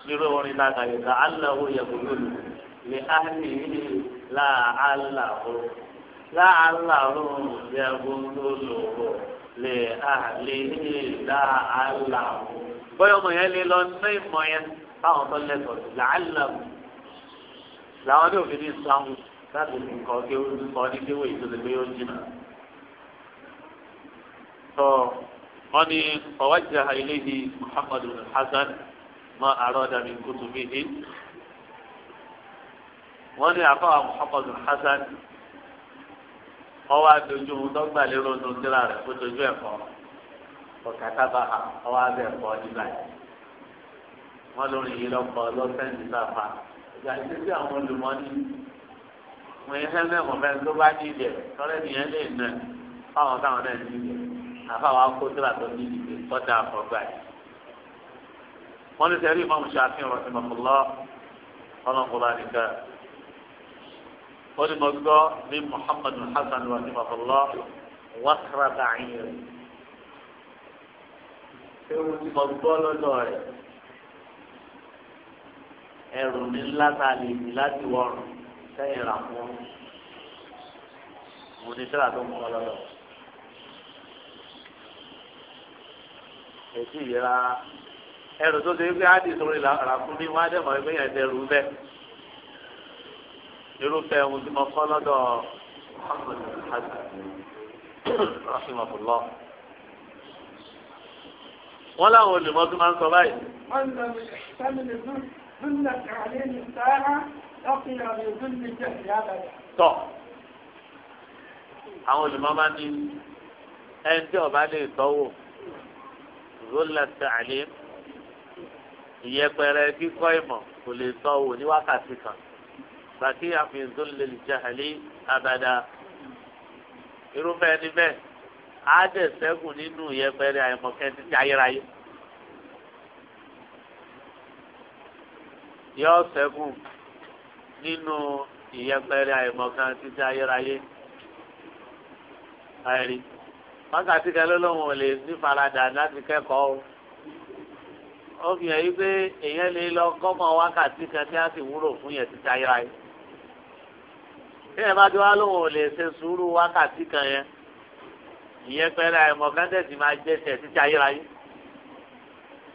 nírú orin lágbàáyé ká aláwo yẹ kó lónìí lè áhìn yìí láàlá òun láàlàrún yagololòwò lè àlè láàlàrún. bóyá ọmọ yẹn lè lọ ná ìmọ̀ yẹn báwọn tó lẹ́tọ̀ọ́ làálàrún làwọn ní òfin ní ìsìlámù láti fi nǹkan kéwú nǹkan ní kéwú èyí tó ti gbé oúnjẹ náà. tó wọ́n ní ọ̀wájà iléhi muhammadu hasan ma àròdà mi kùtù wọ́n ní àfọwà muhammadu hasan ọwọ́ adojú ohun tó gbà lérò tó síra rẹ̀ kó dojú ẹ̀kọ́ ọ̀kàtà bá a ọwọ́ abẹ́ ẹ̀kọ́ nígbà yìí wọ́n lórí yìí lọ́kọ́ lọ́sẹ̀ǹdì sáfà ìgbà tí tí àwọn olùmọ́ni wọ́n yẹn fẹ́ mẹ́kọ̀ọ́ fẹ́ tó bá ní ilẹ̀ tọ́lẹ̀ nìyẹn lè nà fáwọn táwọn náà ní ilẹ̀ àfáwọn akótóra tó ní ìdìbò kọ́dà àfọ̀gbà yìí. wọ́n ní sẹ́rí ìmọ̀ قل مقدار من محمد الحسن رحمه الله وكر بعير مقدار لدور ẹrù ní ńlá ta lè ní láti wọrùn sẹ́yìn rà fún mo ní sẹ́ra tó ń kọ́ lọ́dọ̀. èsì ìlera ẹrù tó ṣe é pé á dì sórí fún mi wọ́n á dẹ̀ mọ̀ yẹn ti ẹrù bẹ́ẹ̀ irúfẹ́ ohun tí mo kọ́ lọ́dọ̀ rahimahullah wọ́n láwọn olùmọ̀ tó máa ń sọ báyìí. wọ́n lọ sí sẹ́mi ní dúnlẹ̀ kàlẹ́ ní sáà lọ́kìlá ní dúnlẹ̀ jẹ́ ìyá bàbá. tọ́ àwọn olùmọ̀ máa ní ẹni tí ọba lè tọ́wò dúnlẹ̀ kàlẹ́ ìyẹpẹrẹ kíkọ́ ìmọ̀ kò lè tọ́wò ní wákàtí kan bàkí àfihàn lè jàhálí abada irúfẹ́ ẹni bẹ́ẹ̀ á dẹ̀ sẹ́kùn nínú ìyẹpẹrẹ àìmọ̀kẹ́ títí ayérayé. yọ sẹ́kùn nínú ìyẹpẹrẹ àìmọ̀kan títí ayérayé àìrí wákàtí kan lọ́lọ́run ò lè ní faradà láti kẹ́kọ̀ọ́ o ó fi hàn yí pé èèyàn lè lọ kọ́mọ wákàtí kan tí a sì wúrò fún yẹn títí ayérayé bí ẹ bá ti wá lóun ò lè ṣe sùúrù wákàtí kan yẹn ìyẹn pẹ́ẹ́rẹ́ àìmọ̀ kántẹ́ẹ̀tì máa jẹ́ tẹ̀ títí ayérayé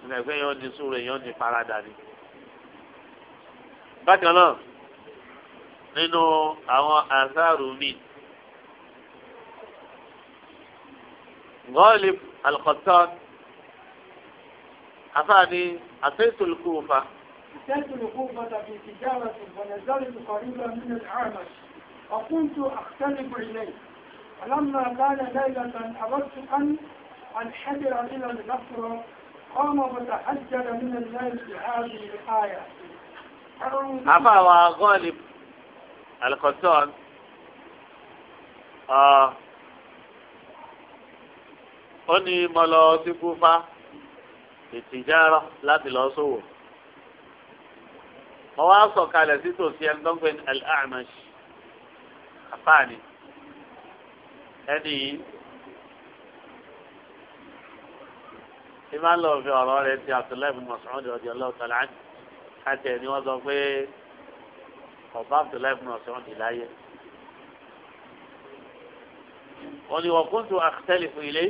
ìgbà ìgbẹ́ yẹn ó di sùúrù yẹn ó di faradà ni. bákan náà nínú àwọn àṣàrù mi gọ́ọ̀lì alkọ̀tọ́n afáàní àtẹ́sùlùkù fa. àtẹ́sùlùkù fa tàbí ìtìjára ṣùgbọ́n ẹ̀zọ́rì kọ̀ọ̀rọ̀ nínú àmàṣì. وكنت أقترب إليه فلما كان ليلة أردت أن أنحدر إلى المغفرة قام وتحجر من الليل بهذه الآية أما وغالب القسطان آه ó ní mo lọ sí kúfà ìtìjára láti lọ sówò mo wá sọ̀kalẹ̀ sí tòsí ẹni tó al-A'mash àfáàní ẹni yìí ní máa ń lọ fi ọ̀rọ̀ rẹ̀ ti Abdullahi bin Mas'ud radiyallahu ta'ala anhu àti ẹni wọ́n sọ pé ọba Abdullahi bin Mas'ud di láyé. wọ́n ní wọ́n kún tó àkítẹ́lì fún ilé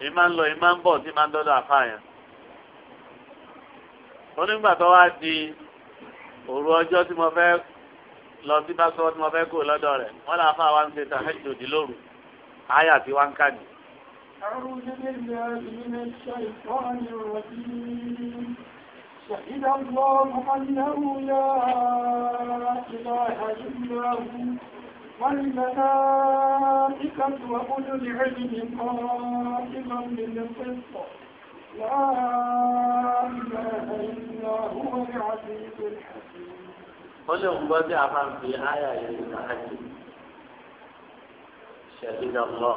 ní ń lọ ní ń bọ̀ sí máa ń dọ́dọ̀ àfáàyàn. onígbà tó di òru ọjọ́ tí mo fẹ́ lọ sí pásítọ̀ tí wọ́n fẹ́ kó lọ́dọ̀ rẹ̀ wọ́n là fà wá ń ṣe tàhẹ́jòdì lóru àyà tí wọ́n ń kà ní. أعوذ بالله من الشيطان الرجيم شهد الله أنه لا إله إلا هو والملائكة وأولو العلم قائما بالقسط لا إله إلا هو العزيز الحكيم ó lè ń gbọ́ bí afáǹfì áyà yìí láàyè ṣẹ̀dúdà lọ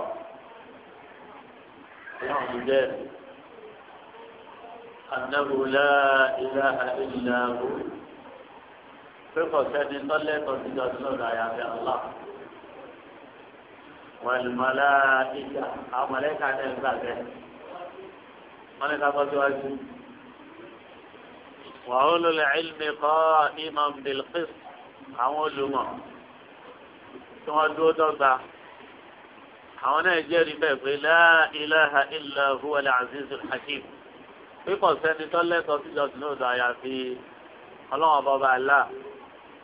ìwọ̀n jẹ́ annahu la ilaha illa hu pé kò sẹ́ni tọ́lẹ́tọ̀ ti lọ sọ́dọ̀ àyàfẹ́ Allah wàlùmọ́lá ìjà àwọn mọ̀lẹ́ka náà ń gbà bẹ́ẹ̀ mọ̀lẹ́ka bọ́ síwájú. وأولو العلم قائما بالقسط àwọn olùmọ̀ tí wọ́n dúró dọ́gba àwọn náà jẹ́rìí bẹ́ẹ̀ pé la ilaha illa huwa al-azizul hakim pípọ̀ sẹ́ni tó lẹ́tọ̀ọ́ sí ìjọsìn náà dọ̀ àyàfi ọlọ́wọ́n bọ́ba àlá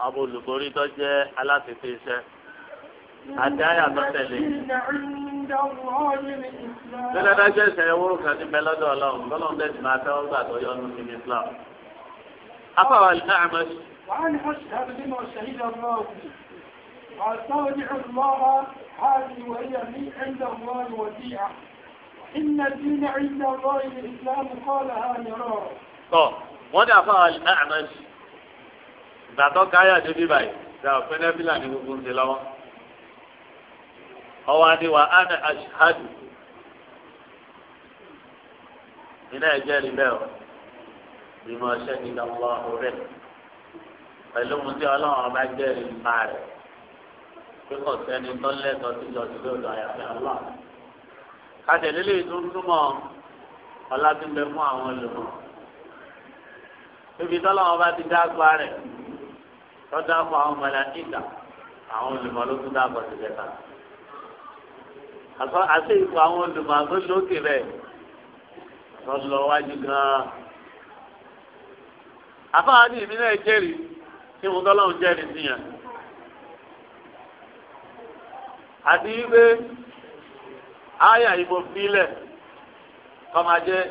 ọba olùborí tó jẹ́ alátìpé iṣẹ́ àti àyà tó tẹ̀lé. lọ́dọ̀ dájọ́ ìṣẹ̀yẹ̀wò kan níbẹ̀ lọ́dọ̀ ọlọ́run lọ́lọ́run bẹ́ẹ̀ sì máa fẹ́ wọ́n gbà tó yọ ọdún sí islam. أفوى الأعمش وعن أشهد بما شهد الله أستودع الله هذه وهي لي عند الله وديعة إن الدين عند الله الإسلام قالها مرارا. طب وأنا أفوى الأعمش gbàtọ́ káyà débi báyìí ṣe àpẹẹrẹ fílà ní gbogbo ń ṣe lọ́wọ́ ọwọ́ adéwà ánà àṣìhádù bímọ sẹ́ni الله rẹ̀ pẹ̀lú mu tí ọlọ́run ọba jẹ́rìí nípa rẹ̀ pé kò sẹ́ni tó lẹ́tọ̀ọ́ sí lọ sí lọ́dọ̀ àyàfi ọlọ́ kàtẹ́lẹ́ lè tún túmọ̀ ọlátúndẹ fún àwọn olùmọ̀ níbi tọ́lọ́wọ́n bá ti dágbà rẹ̀ tọ́jú àpò àwọn màláíkà àwọn olùmọ̀ ló tún dágbà sí lẹ́ta àti ipò àwọn olùmọ̀ àgbóṣókè rẹ̀ tọ́lọ́wájú gan-an àfáà ní ìmí náà jẹ́rìí tí mo tọ́lọ́run jẹ́rìí sí yẹn. àti wípé àyà ìbò filẹ̀ kọ́má jẹ́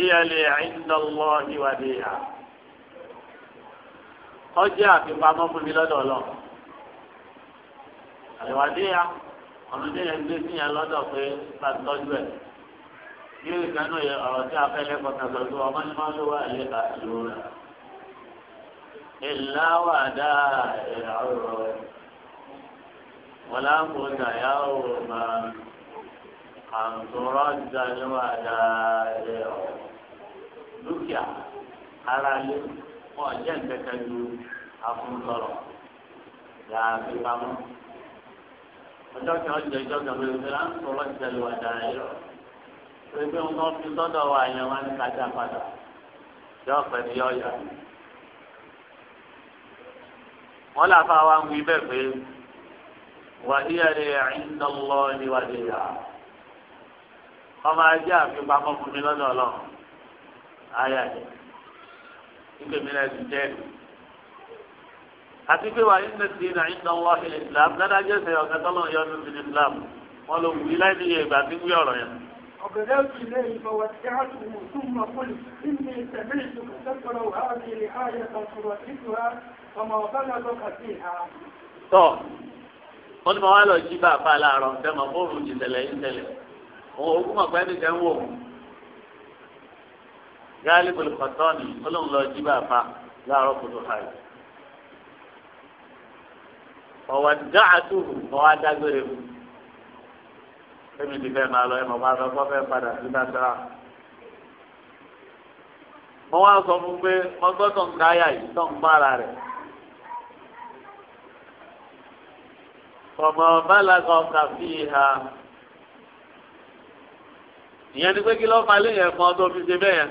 ìyẹlẹ̀ ìdánlọ́ ìwádìí yà. ọjọ́ àfipamọ́ fún mi lọ́dọ̀ lọ. àlèwádìí yà ọ̀nà tí yẹn gbé sí yẹn lọ́dọ̀ pé bá tọ́jú ẹ̀ yóò gbẹ́nu ọ̀rọ̀ tí a fẹ́ lẹ́kọ̀ọ́ tàbí ọmọ ní máa ń lówó àlè àlè òun. إلا ودائع ولا بد يوما أن ya الودائع dúkìá ara lé jẹ́ nǹkankan ju afúntọ̀rọ̀ pamọ́. ọjọ́ kan ọjọ́ ìjọ kan ló ń bẹ̀rẹ̀ à ń sọ̀rọ̀ ìṣẹ̀lẹ̀ wà fi wọn làfa wa ń wí bẹ́ẹ̀ pé wà níyà ni ẹ̀yìndà lọ ni wà níyà ọmọ ajé àfipamọ́ fún mi lọ́dọ̀ ọlọ́run ayé àjẹ ìgbè mi náà ti jẹ́ àti pé wà níyà ti ní ẹ̀yìndà lọ ni islam dáadáa jẹ́ sẹ́yọ̀ kẹtọ́lọ́ yọ ọdún sí islam wọn lọ wí láì níyà ìgbà tí ń wí ọ̀rọ̀ yẹn. وبلغت إليه فودعته ثم قلت إني سمعتك تقرأ هذه الآية فرددتها فما بلغك فيها. طب wọ́n ti máa wá lọ jí bàbá aláàárọ̀ ń tẹ́mọ̀ fóònù jìtẹ̀lẹ̀ yín tẹ̀lẹ̀ òun ogún ọ̀pẹ́ nìkan ń wò ó gáálí pẹ̀lúkọ̀tọ́ọ̀nì olóhùn lọ jí bàbá láàárọ̀ kòtò fàyè. ọ̀wà dáàtúrù ọ̀wà dágbére fún un ẹbí ti fẹ́ máa lọ ẹ mọ̀ máa lọ kọ́ fẹ́ padà sí dáadáa. mo wá sọ fún pé mo gbọ́dọ̀ ń káyà yìí tó ń bá ara rẹ̀. ọmọ bàlágà ọkà fi ha ìyẹn ni pé kí lọ́ọ́ máa léyìn ẹ̀fọn tó fi ṣe bẹ́ẹ̀ yẹn.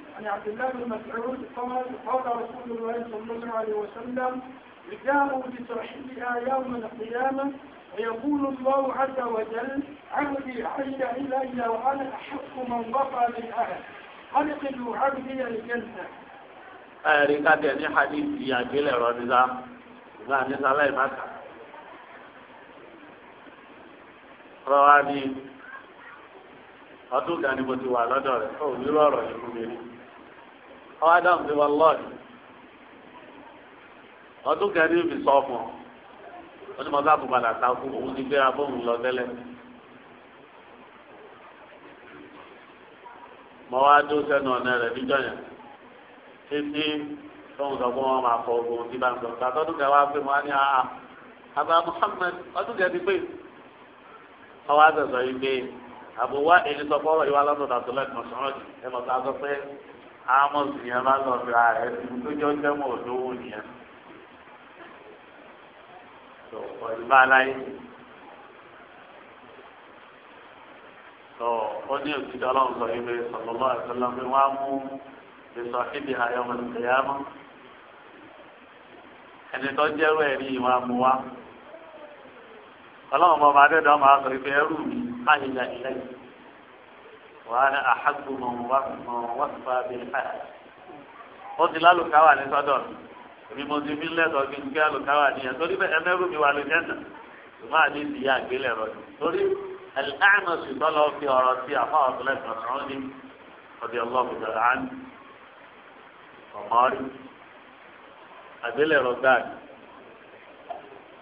عن عبد الله بن مسعود قال قال رسول الله صلى الله عليه وسلم يجاء بصاحبها يوم القيامة ويقول الله عز وجل عبدي حي إلي وأنا أحق من بقى من أهل عبدي الجنة ẹ̀rí kájẹ ní hadithi àgbélẹ̀ rọ nígbà nígbà nígbà láì má kà. rọwá ni ọdún kan wà lọ́dọ̀ rẹ̀ ó ní rọ̀rọ̀ yìí fún mi rí ọwọ́ adáhùn ti wọ lọ́ọ̀dì ọdún kẹrin ní ìbísọ̀ ọmọ onímọ̀ bá kú padà sáfù òun ti gbéra fóun lọ tẹ́lẹ̀. mọ wá dó sẹ́nu ọ̀nà rẹ̀ níjọ́ yẹn títí tóun sọ pé wọ́n máa fọ ogun tí bá ń sọ gbàtọ́dún kẹwàá pé wọ́n á ní àhà àbá Muhammad ọdún kẹrin ti pè ọwọ́ yìí pé àbúwá èyí sọ fọ́ọ̀rọ̀ yìí wá lọ́dọ̀ tàbí lẹ́nu ọ̀sán ọ̀dì ẹ̀ mọ̀ amos yẹn bá lọ fi ààrẹ tó jọ jẹmọ òdòwò nìyẹn tó pẹ̀lú bá aláyé tó ó ní òtítọ́ Ọlọ́run sọ yìí pé sọlọlọ àtọlọ pé wọn á mú ìsọ ìdí àyọmọ ìtẹyàmọ ẹni tó jẹrú ẹrí ìwọn amú wa Ọlọ́run bọba adédọ máa sọ ìfẹ́ ẹrú mi má yẹ jáde lẹ́yìn. وأنا أحب من وصف بالحسن قلت لا لكوا لصدر بموزم الله تقول كا لكوا نيا تقول بأمر بوالدنا ثم أدين ديا قيل رجل تقول الأعمش طلع في أراسي أخاه عبد الله بن مسعود رضي الله تعالى عنه وقال أدل رجال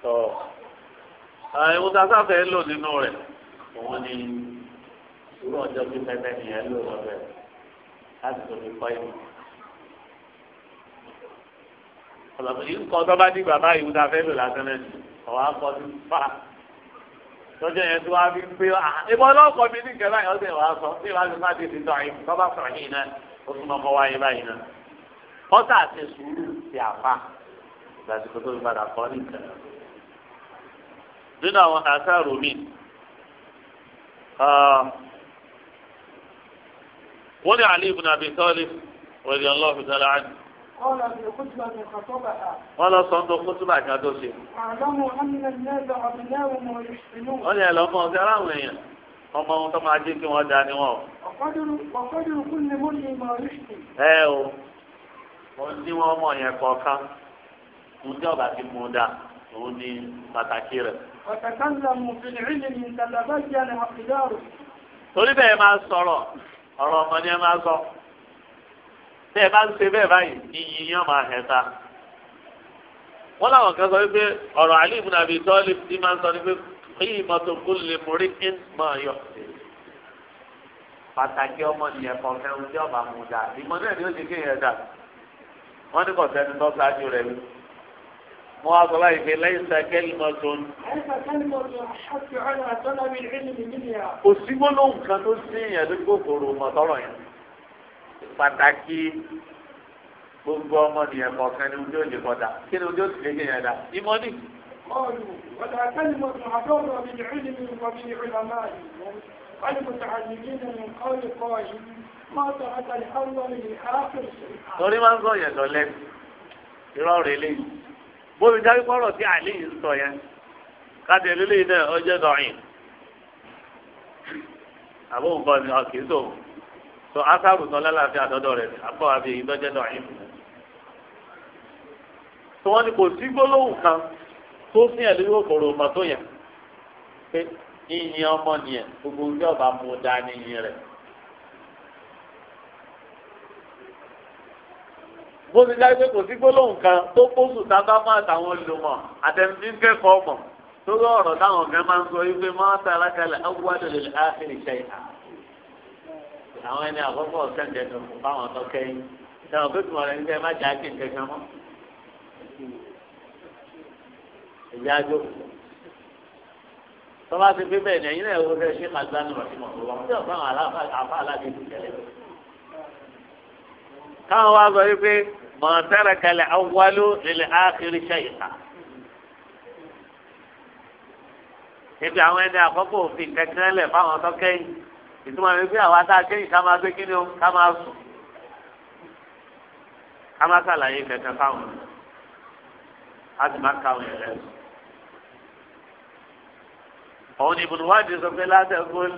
تو أي متاسف إلو دينوره ومن irú ọjọ́ pípẹ́ tẹ́lẹ̀ yẹn ló wọ́n bẹ̀ láti tó fi kọ́ ìlú. ọ̀làbọ̀ yìí kọ́ tó bá dì bàbá ìlú ta fẹ́ lò lásán náà ni ọ̀wá kọ́ sí fà tọ́jú yẹn tó wá fi pé ìbọn ọlọ́kọ̀ mi ní ìkẹ́lá yẹn ọ̀sẹ̀ wàá sọ bí wàá fi má ti ti tọ̀ àyè tọ́ bá sọ̀rọ̀ yìí náà ó tún mọ́kọ́ wáyé báyìí náà kọ́tà àti sùúrù ti àfa ìgbàsíkò tó fi wọ́n ní Ali ibn Abi Talib radiyallahu ta'ala anhu. wọ́n lọ sọ ń tó kútùbà kan tó ṣe. wọ́n ní ẹ̀lọ́ fún ọ̀sẹ̀ aláwọ̀ èèyàn ọmọ ohun tó máa jẹ́ kí wọ́n da ni wọ́n. ẹ o wọ́n ní wọ́n mọ̀ yẹn kọ̀ọ̀kan mo jẹ́ ọ̀gá tí mo dá òun ní pàtàkì rẹ̀. ọ̀tàkànlá mo fi rìn ní ìtàlábàjẹ́ àná àfìdárò. torí bẹ́ẹ̀ máa sọ̀rọ̀ ọ̀rọ̀ ọmọ ni ẹ máa sọ tẹ́ ẹ bá ń ṣe bẹ́ẹ̀ báyìí iyì yẹn máa hẹ̀ ta. wọ́n láwọn kan sọ wípé ọ̀rọ̀ Ali ibn Abi Talib ti máa ń sọ ní pé kíyì mọ́tò kó lè mórí kí n máa yọ. pàtàkì ọmọ nìyẹn kan fẹ́ràn tí ọba mú dà ìmọ̀ náà ni ó ti kéèyàn dà wọ́n ní kọ̀ọ̀tẹ́ni mo wá sọ báyìí pé lẹ́yìn sẹ́kẹ́lì mọ́ tó ń. kò sí gbólóhùn kan tó sí èèyàn tó gbòòrò mọ̀ tọ́rọ̀ yẹn. pàtàkì gbogbo ọmọ nìyẹn kọ̀ọ̀kan ni ojú òjì kọ̀dà kí ni ojú òjì kékeré yẹn dà ìmọ̀ ni. قالوا ولا كلمة عفوة بالعلم وبالعلماء والمتعلمين من قول قائل ما ترك الأول للآخر شيئا. torí máa ń sọ yẹn lọ lẹ́nu irọ́ rẹ̀ léyìí bó ti jáwé pọ́rọ̀ tí àlè yìí ń sọ yẹn káàdì ẹlẹ́lẹ́ iná ọjọ́ dọ̀yìn àbọ̀ nǹkan ni ọ̀kì tó sọ asáàrù tán lálàáfíà àtọ́dọ̀ rẹ̀ àbọ̀ àbí èyí lọ́jọ́ dọ̀yìn. tí wọ́n ní kò sí gbólóhùn kan tó fi hàn lórí òkòrò ọmọ tó yẹn pé ìyìn ọmọ nìyẹn gbogbo ojú mú dání yìí rẹ̀. bó ti dájú pé kò sí gbólóhùn kan tó fóṣù sábà má àtàwọn olùmọ̀ àtẹnudí kẹ́kọ̀ọ́ mọ̀ lórí ọ̀rọ̀ táwọn kan máa ń sọ wípé máa tara kalẹ̀ awúwádò lè lè áhìrì ṣe ìhà. àwọn ẹni àkọ́kọ́ sẹ́ǹdẹ̀ tó kù fáwọn tó kẹ́yìn ṣàwọn òbí tùmọ̀ rẹ̀ ń tẹ́ má jà kí n kankan mọ́. ìyá àjò tọ́lá ti fi bẹ́ẹ̀ ni ẹ̀yin náà wọ́n fẹ́ ṣe kàdánù rẹ̀ sí mọ̀ tó wọ́n káwọn wá sọ wípé mọ̀tẹ́rẹ̀ kalẹ̀ awọ́lú ilẹ̀ ákiri ṣẹ̀yìnká. ibi àwọn ẹni àkọ́kọ́ òfin kẹ̀kẹ́ lẹ̀ fáwọn tó kẹ́yìn ìtumọ̀ wípé àwa tá a kẹ́yìn ká máa gbé kíni o ká máa sùn ká máa sàlàyé kẹ̀kẹ́ fáwọn a sì máa káwọn yẹn lẹ́nu. òun ni ibùdó wádìí sọ pé látẹ̀kùn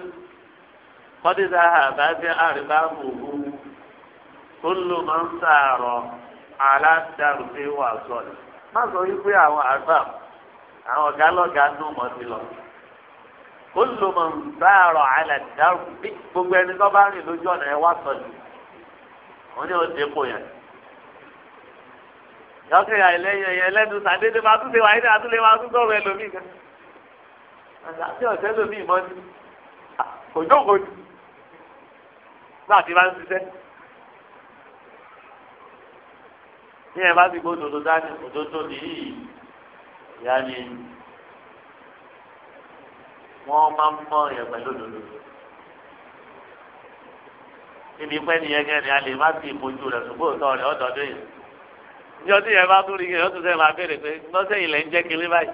kọ́dídà àbájẹ́ àríbá mòhùn. kólú máa ń sàárọ̀ aládàrú pé wà so má sọ wípé àwọn àgbà àwọn ọ̀gá lọ́gàá ní ọmọ ti lọ kólú máa ń sàárọ̀ aládàrú gbogbo ẹni tó bá rìn lójú ọ̀nà ẹ wá sọ̀rọ̀ wọn ni ó dé kó yẹn yọkè yà lẹ́yìn ẹyẹ lẹ́nu sàdédé máa tún ṣe wáyé náà tún máa tún sọ̀rọ̀ ẹlòmíì kan àti ọ̀sẹ̀ ẹlòmíì mọ́ ni kò ní ẹ bá fi gbódò tó dání òdodo nìyí yanni wọn máa ń mọ yẹn pẹ̀lú òdodo níbi pẹ́ nìyẹn gẹ́ni a lè má fi ìbojú rẹ̀ ṣùgbọ́n òótọ́ rẹ̀ ọ̀dọ́dún yìí ní ọdún yẹn bá tún rí yẹn ó tún sẹ́ máa béèrè pé lọ́sẹ̀ yìí lẹ̀ ń jẹ́ kiri báyìí.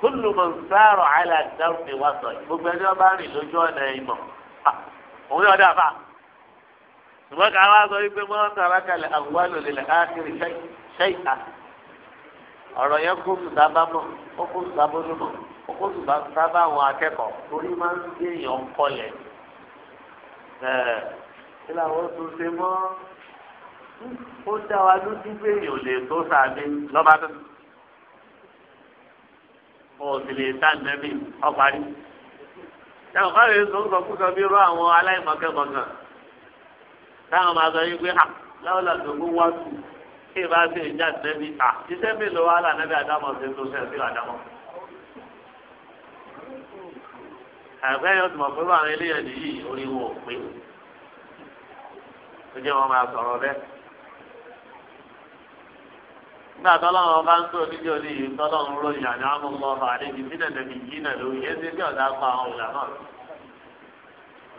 kúlù mọ̀ sáárọ̀ àìlà dáhùn mi wá sọ yìí gbogbo ẹni ọba rìn lójú ọ̀nà ìmọ̀ ah, òun yóò dá fà ṣùgbọ́n ká wá sọ wípé wọ́n tara kalẹ̀ àwùwálò lè láàkiri ṣẹ́yà ọ̀rọ̀ yẹn kó sùdá bá mọ̀ ó kó sùdá bójú mọ̀ ó kó sùdá bá àwọn akẹ́kọ̀ọ́ torí máa ń gbé èèyàn kọlẹ̀ ẹ̀ kí làwọn tó ṣe mọ́ ó dá wa lójú pé èèyàn lè tó sàmì lọ́ba tó ò sì lè tá nẹ́bí ọparí. ẹ̀wọ̀n ká lè sọ ń sọ fún bí irú àwọn aláìmọ̀kẹ́mọ̀kàn táwọn máa sọ yín pé à ah, láwọn làdó kó wá tù kí ìbá ṣe ìjà nẹ́bí à iṣẹ́ mélòó wà là nẹ́bí àdámọ̀ ṣe tó ṣe sí àdámọ̀. àgbẹ̀ yóò tún mọ̀ pé àwọn eléyàn nìyí orí wọn ò pé ó jẹ́ wọn máa sọ̀rọ̀ bẹ́ẹ̀. nígbà tọ́lọ́run bá ń tó oníjó ní ìlú tọ́lọ́run ròyìn àná àmúlọ́ọ̀fà àdéjì sílẹ̀ nẹ́bí yìí nà lórí ẹ̀ ṣe bí ọ̀dà pa àwọn òyà náà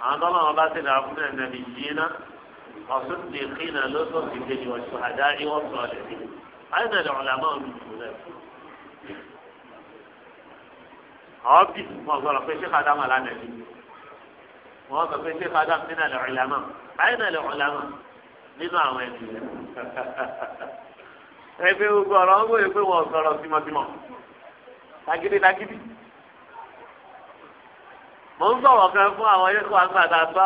àwọn tọ́lọ́run bá ti dà fún ẹ̀ nẹ́bí yìí ọ̀sùn lè kí iná lọ́sọ̀ sí kejì wọn ṣù àdá ìwọ̀n sọ̀ lè fi àyìn náà lọ́wọ́ làmọ́ òun ìlú rẹ̀. àwọn bí wọn sọ̀rọ̀ pé ṣéka dáhùn alánà bí wọn sọ pé ṣéka dáhùn nínú àlẹ́ ọ̀làmọ́ àyìn náà lọ́wọ́ nínú àwọn ẹ̀dùn rẹ̀. ẹgbẹ́ gbogbo ọ̀rọ̀ ń wòye pé wọ́n sọ̀rọ̀ símọ́símọ́ tagídí tagídí mo ń sọ̀rọ̀ kan fún àwọn ẹ̀kọ́ àgbàdo àgbà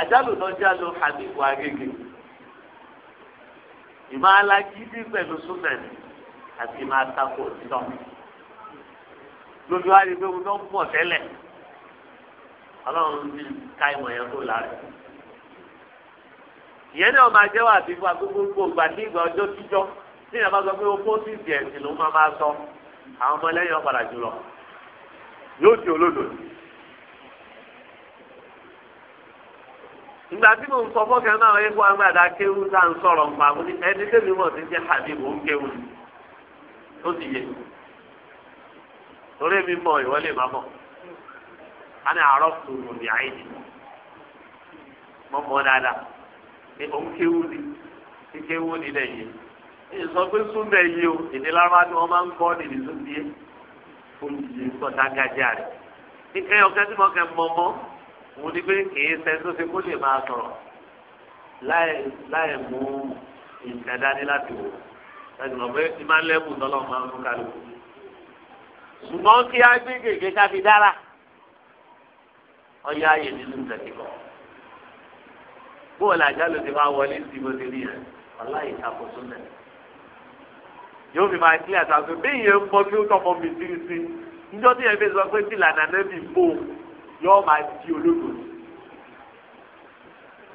àjálù náà já ló Habibu Agége ìmọ̀ alágídí pẹ̀lú súnmẹ̀nì àti ìmọ̀ atakò òtítọ́ lójú àyè pé wọn ń pọ̀ tẹ́lẹ̀ ọlọ́run ti ka ìmọ̀ yẹn kó lára ìyẹn náà máa jẹ́ wà bí wàá gbogbo gbà ní ìgbà ọjọ́ tíjọ́ tí ìyàbá sọ pé opó sì di ẹ̀sìn ló máa máa sọ àwọn ọmọ ẹlẹ́yìn ọ̀padà jùlọ yóò di olódò yìí. ìgbà tí mo ń sọ fọ́kẹ́ náà ẹ wá gbàdá kéwú tá à ń sọ̀rọ̀ nípa mo ní ẹni tẹ́lẹ̀ mọ̀ ti jẹ́ ń kéwú ni ó sì yẹ torí mi mọ̀ mọ̀ á ní àárọ̀ o èdè lára ni wọ́n máa ń kọ́ níbi tó ti yé olùdíje sọ̀dágájà rẹ̀ ní òun ni pé kìí ṣe tó ṣe kó lè máa sọ̀rọ̀ láì mú nǹkan dání láti wò láti mọ̀ pé ìmá lẹ́mù tọ́lọ̀ máa ń mú kálukú. ṣùgbọ́n kí á gbé gègé ká fi dára ọyá ayè nínú ìtẹ̀síkọ̀. bóòlù àjálù ti máa wọlé sí bó ti rí rẹ̀ ọ̀la ìtàkùn tó nẹ̀ yóò fi máa kílẹ̀ àtàkùn bí ìyẹn ń bọ́ kí ó tọmọ mi sí sí níjọ́ tí yẹn fi sọ pé tìlànà nẹ́bí bò ó yóò máa di olódò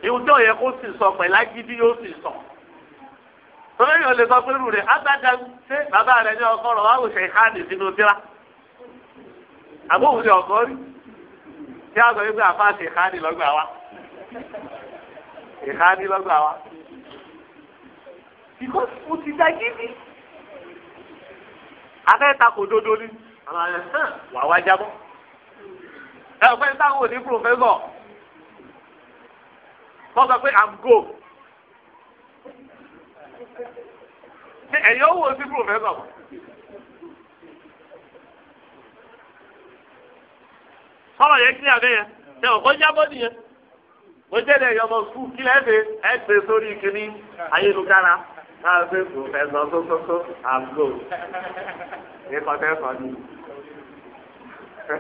ìhun tí ọ̀yẹ́ kó sì sọ pẹ̀lú agídí yóò sì sọ tọ́lá yóò lè sọ pé rú rẹ̀ ábàdà ṣé bàbá rẹ̀ ní ọkọ rọ̀ wáwò ṣe káàdì sínú tíra àbóhùn ní ọkọ rí tí a sọ wípé àfa ṣe káàdì lọ́gbà wa ṣe káàdì lọ́gbà wa because mo ti da gidi afẹ́ takò dodo ni wàá wá jábọ́ ẹ ọ̀pẹ́ táwọn ò pòfẹ́sọ̀ wọ́n sọ pé i'm go ẹ̀yọ́ wo sí pòfẹ́sọ̀ sọ̀rọ̀ yẹn kí ni ṣe ọ̀kọ́ jábọ́ nìyẹn mo jẹ́ ẹ̀yọ́ ọmọ sùkúù kí lẹ́ẹ̀fẹ́ ẹ gbé sórí kìíní ayélujára náà ṣe pòfẹ́sọ̀ sótótó i'm go ní kọ́tẹ́sọ̀ ni.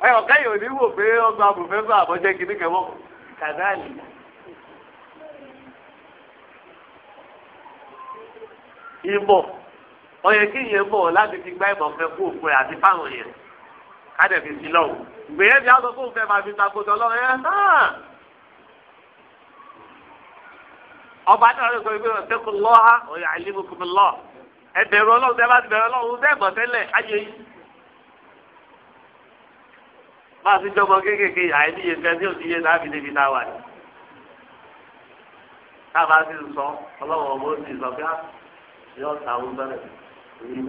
ẹ ọ̀gá yìí ò ní wò pé ọgbà pòfẹ́sọ̀ àbọ̀jẹ́ kìíní kẹwọ́ kàdáàlì. ìmọ̀ ọyẹ kí ìyẹn mọ̀ láti fi gbá ìmọ̀ fẹ́ kó àti fáwọn yẹn kádẹ̀ fi sí lọ́wọ́ ìgbéyẹ̀ bí a sọ fún òfẹ́ máa fi yẹn ọba náà lọ́ha ọ̀yà bá a jọmọ kéékèèké àìníye nǹkan tí ò yé láàbì níbi tá wà ní. tá bá ti sọ ọlọ́wọ́ ọmọ ti sọ pé ah, yóò ta àwọn bẹ́rẹ̀ rí i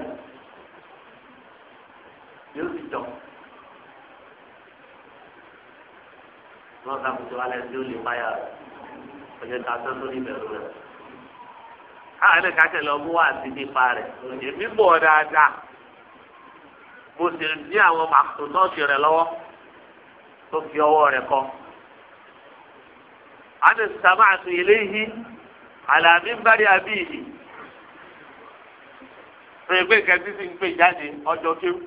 yóò ti jọ. lọ́sà kò tó alẹ́ tí ó lè báyà ọjọ́ ta sọ sórí ìbẹ̀rù rẹ̀. káà ní kákẹ́ lọ mú wá sí nípa rẹ̀ èmi bọ̀ dáadáa mo sì ní àwọn màkùtù náà ti rẹ̀ lọ́wọ́. tó fi ọwọ́ rẹ̀ kọ́. àmì sàmà àti eléyìí àlàmì ń bá rí àbí yìí pèrè pé nǹkan títí ń pè jáde ọjọ́ kéwù.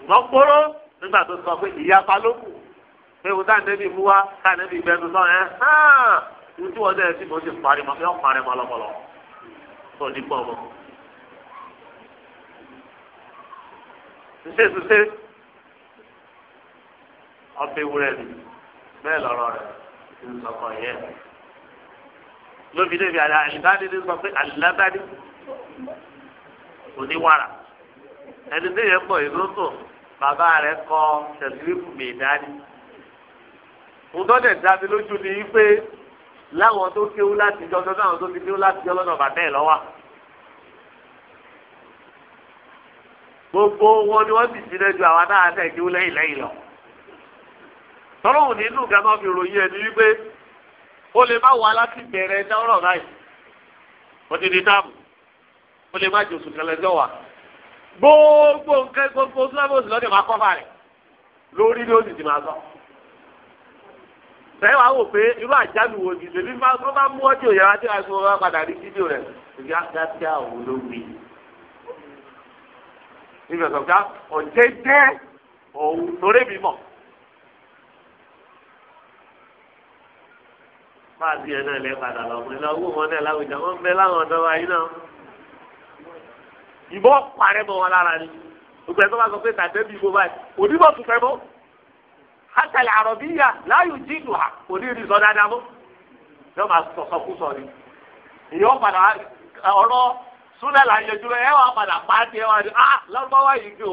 ṣùgbọ́n kóró nígbà tó sọ pé ìyapa ló kù pé wọ́n táà nẹ́bí mú wá táà nẹ́bí sọ ẹ́ hàn ní tí wọ́n dẹ̀ sí ti parí mọ́ fẹ́ parí mọ́ lọ́pọ̀lọ́ tó ní pọ̀ mọ́. ọbẹ̀ wúrẹ́ mi bẹ́ẹ̀ lọ́rọ̀ rẹ̀ ti ń sọkọ̀ yẹ. lóbi débi àlẹ́ àlìbáde ló sọ pé àlìlábáde oníwàrà ẹni tó yẹ pọ̀ ìlótò bàbá rẹ̀ kọ tẹ̀síwìkù mẹ́ẹ̀dání. ǹtọ́ dẹ̀ dábí lójú ni pé láwọn tó kéwú láti jọ lọ́dọ̀ àwọn tó ti kéwú láti jọ lọ́dọ̀ bàbá ẹ̀ lọ́wọ́. gbogbo wọn ni wọ́n sì sílẹ̀ ju àwọn táwọn àtẹ̀ kéwú lẹ́yìn lẹ́yìn lọ tọ́lọ́ òní inú ga máa fi ròyìn ẹni wípé ó lè má wà láti bẹ̀rẹ̀ ẹja ọ̀rọ̀ náà yìí wọ́n ti di táàmù ó lè má jẹ oṣù kẹlẹ́ ẹjọ́ wa gbogbo nǹkan gbogbo sílábòsì lọ́dẹ̀ máa kọ́fà rẹ̀ lórí ni ó sì ti máa sọ. sẹ́yìn wàá wò pé irú àjálù wo ni lèmi máa tó bá mú ọjọ́ ìyára tí wàá sọ wá padà rí fídíò rẹ̀ ìyá kíákíá òun ló gbé. ìgbà sọ̀tà ọ̀jẹ̀ fáàtì ẹ̀ náà lẹ́ padà lọ pé lọ wú wọn náà láwùjọ wọn bẹ láwọn ọ̀dọ́ wa yìí náà. ìbọn parẹ́ bọ̀ wọn lára ni gbogbo ẹ̀ tó bá sọ pé tàbí ìbò báyìí onímọ̀ tún fẹ́ mọ́ hátàlẹ̀ àròbíyà láyò jíìlù hà kò ní ìrìnsọ dáadáa mọ́ yóò máa sọ̀sọ̀ kú sọ ni ìyọ́ padà ọ̀rọ̀ súnlẹ̀ là ń yẹjú ẹ wà padà pàtì ẹ ah lọ́gbọ́n wáyé kí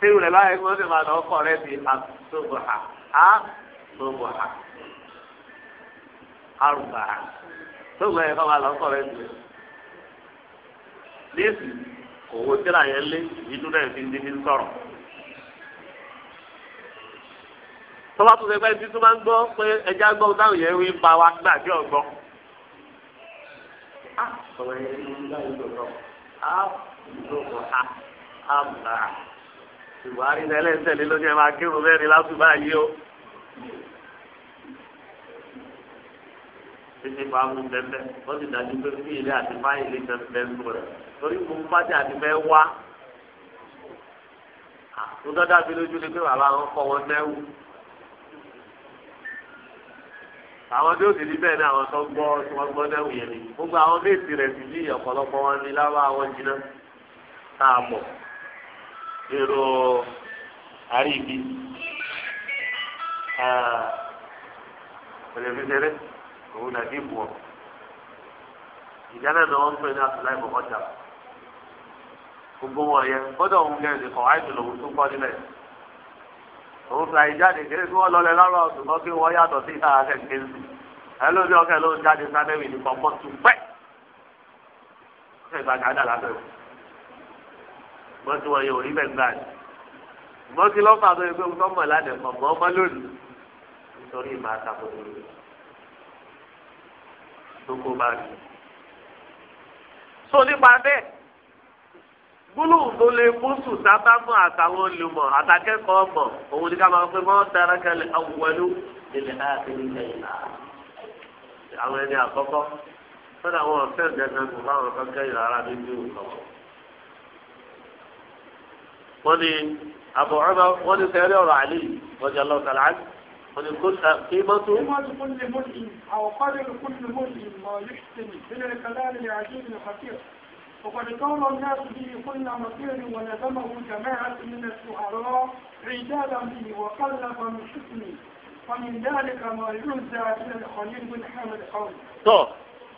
sẹ́wù rẹ̀ báyìí kó o sì máa lọ kọ́ rẹ̀ di asọ́bùhà asọ́bùhà arùbà sọ́wù rẹ̀ kọ́ máa lọ kọ́ rẹ̀ di. Níìsì owó tíra yẹn lé ìdú náà fi ń ní sọ̀rọ̀. Tọ́lá tó ṣe pé tí tó máa ń gbọ́ pé ẹja gbọ́ táwọn yẹn ń ba wa gbà tí ò gbọ́. Sọ̀rọ̀ yẹn ń bá ìlú lọ. Á ìlú lọ ha á bà buhari lẹ́lẹ́sẹ̀ lé lójú ẹ máa kírun mẹ́rin lásùbà yìí o. títí fa mú bẹ́ẹ̀ wọ́n ti dájú pé fún ilé àti fáìlì kan bẹ́ẹ̀ ń bọ̀ torí mo fájà àti bẹ́ẹ̀ wá. mo dọ́dá mi lójú ni pé bàbá wọn kọ́ wọn mẹ́wù. àwọn tí ó sì ní bẹ́ẹ̀ ni àwọn tó gbọ́ tí wọ́n gbọ́ mẹ́wù yẹn ni gbogbo àwọn méjì rẹ̀ sì ní ọ̀pọ̀lọpọ̀ wọn ni láwọn àwọn jiná tá mọ̀ èrò àríbi pẹlẹmísẹrẹ òun náà ní ìbùwọ ìdáná náà wọn ń pè ní àtúláì bọkọjà gbogbo wọn yẹ gbọ́dọ̀ òun kẹ ẹnì kan àìsàn lòun tó kọ nílẹ̀ òun fìlà ìjáde kéré kí wọn lọlẹ lọrọ ṣùgbọ́n kí wọn yàtọ̀ sí ìta akẹkẹ sí ẹ lóbi ọkẹ ló ń jáde sábẹwì ní pọpọ tún pẹ ṣègbàgádà lábẹwò wọ́n ti wọ́n yẹ òrí bẹ́ẹ̀ gbà ní. ṣùgbọ́n kí lọ́fà tó yẹ pé wọ́n mọ̀ ládẹ̀ mọ̀ mọ́ ọmọ lónìí nítorí ìmọ̀ àtàkùn lóko bá rí. sọ nípa bẹ́ẹ̀ gbólóhùn tó lè mọ́sù sábàmù àtàwọn olùmọ̀ àtàkẹ́kọ̀ọ́ mọ̀ òun ni ká máa pé wọ́n dára kalẹ̀ awọ́lú ilẹ̀ àtẹnudẹ́ ìlà àwọn ẹni àkọ́kọ́ fún àwọn ọ̀fẹ́ ìdẹ́gbẹ̀rún fún àwọn ọ̀fẹ́ kẹ́yìn ara mi ní òkàwọ́ wọ́n ní Abu Umar wọ́n ní sẹ́rí ọ̀rọ̀ àlè lọ́jà lọ́sàlá wọ́n ní kó kí mọ́ tó. وقد قال الناس به كل مكان ونظمه جماعة من الشعراء رجالا به وقلب من حكمه ومن ذلك ما يرزى إلى الخليل بن حامد قوله. طب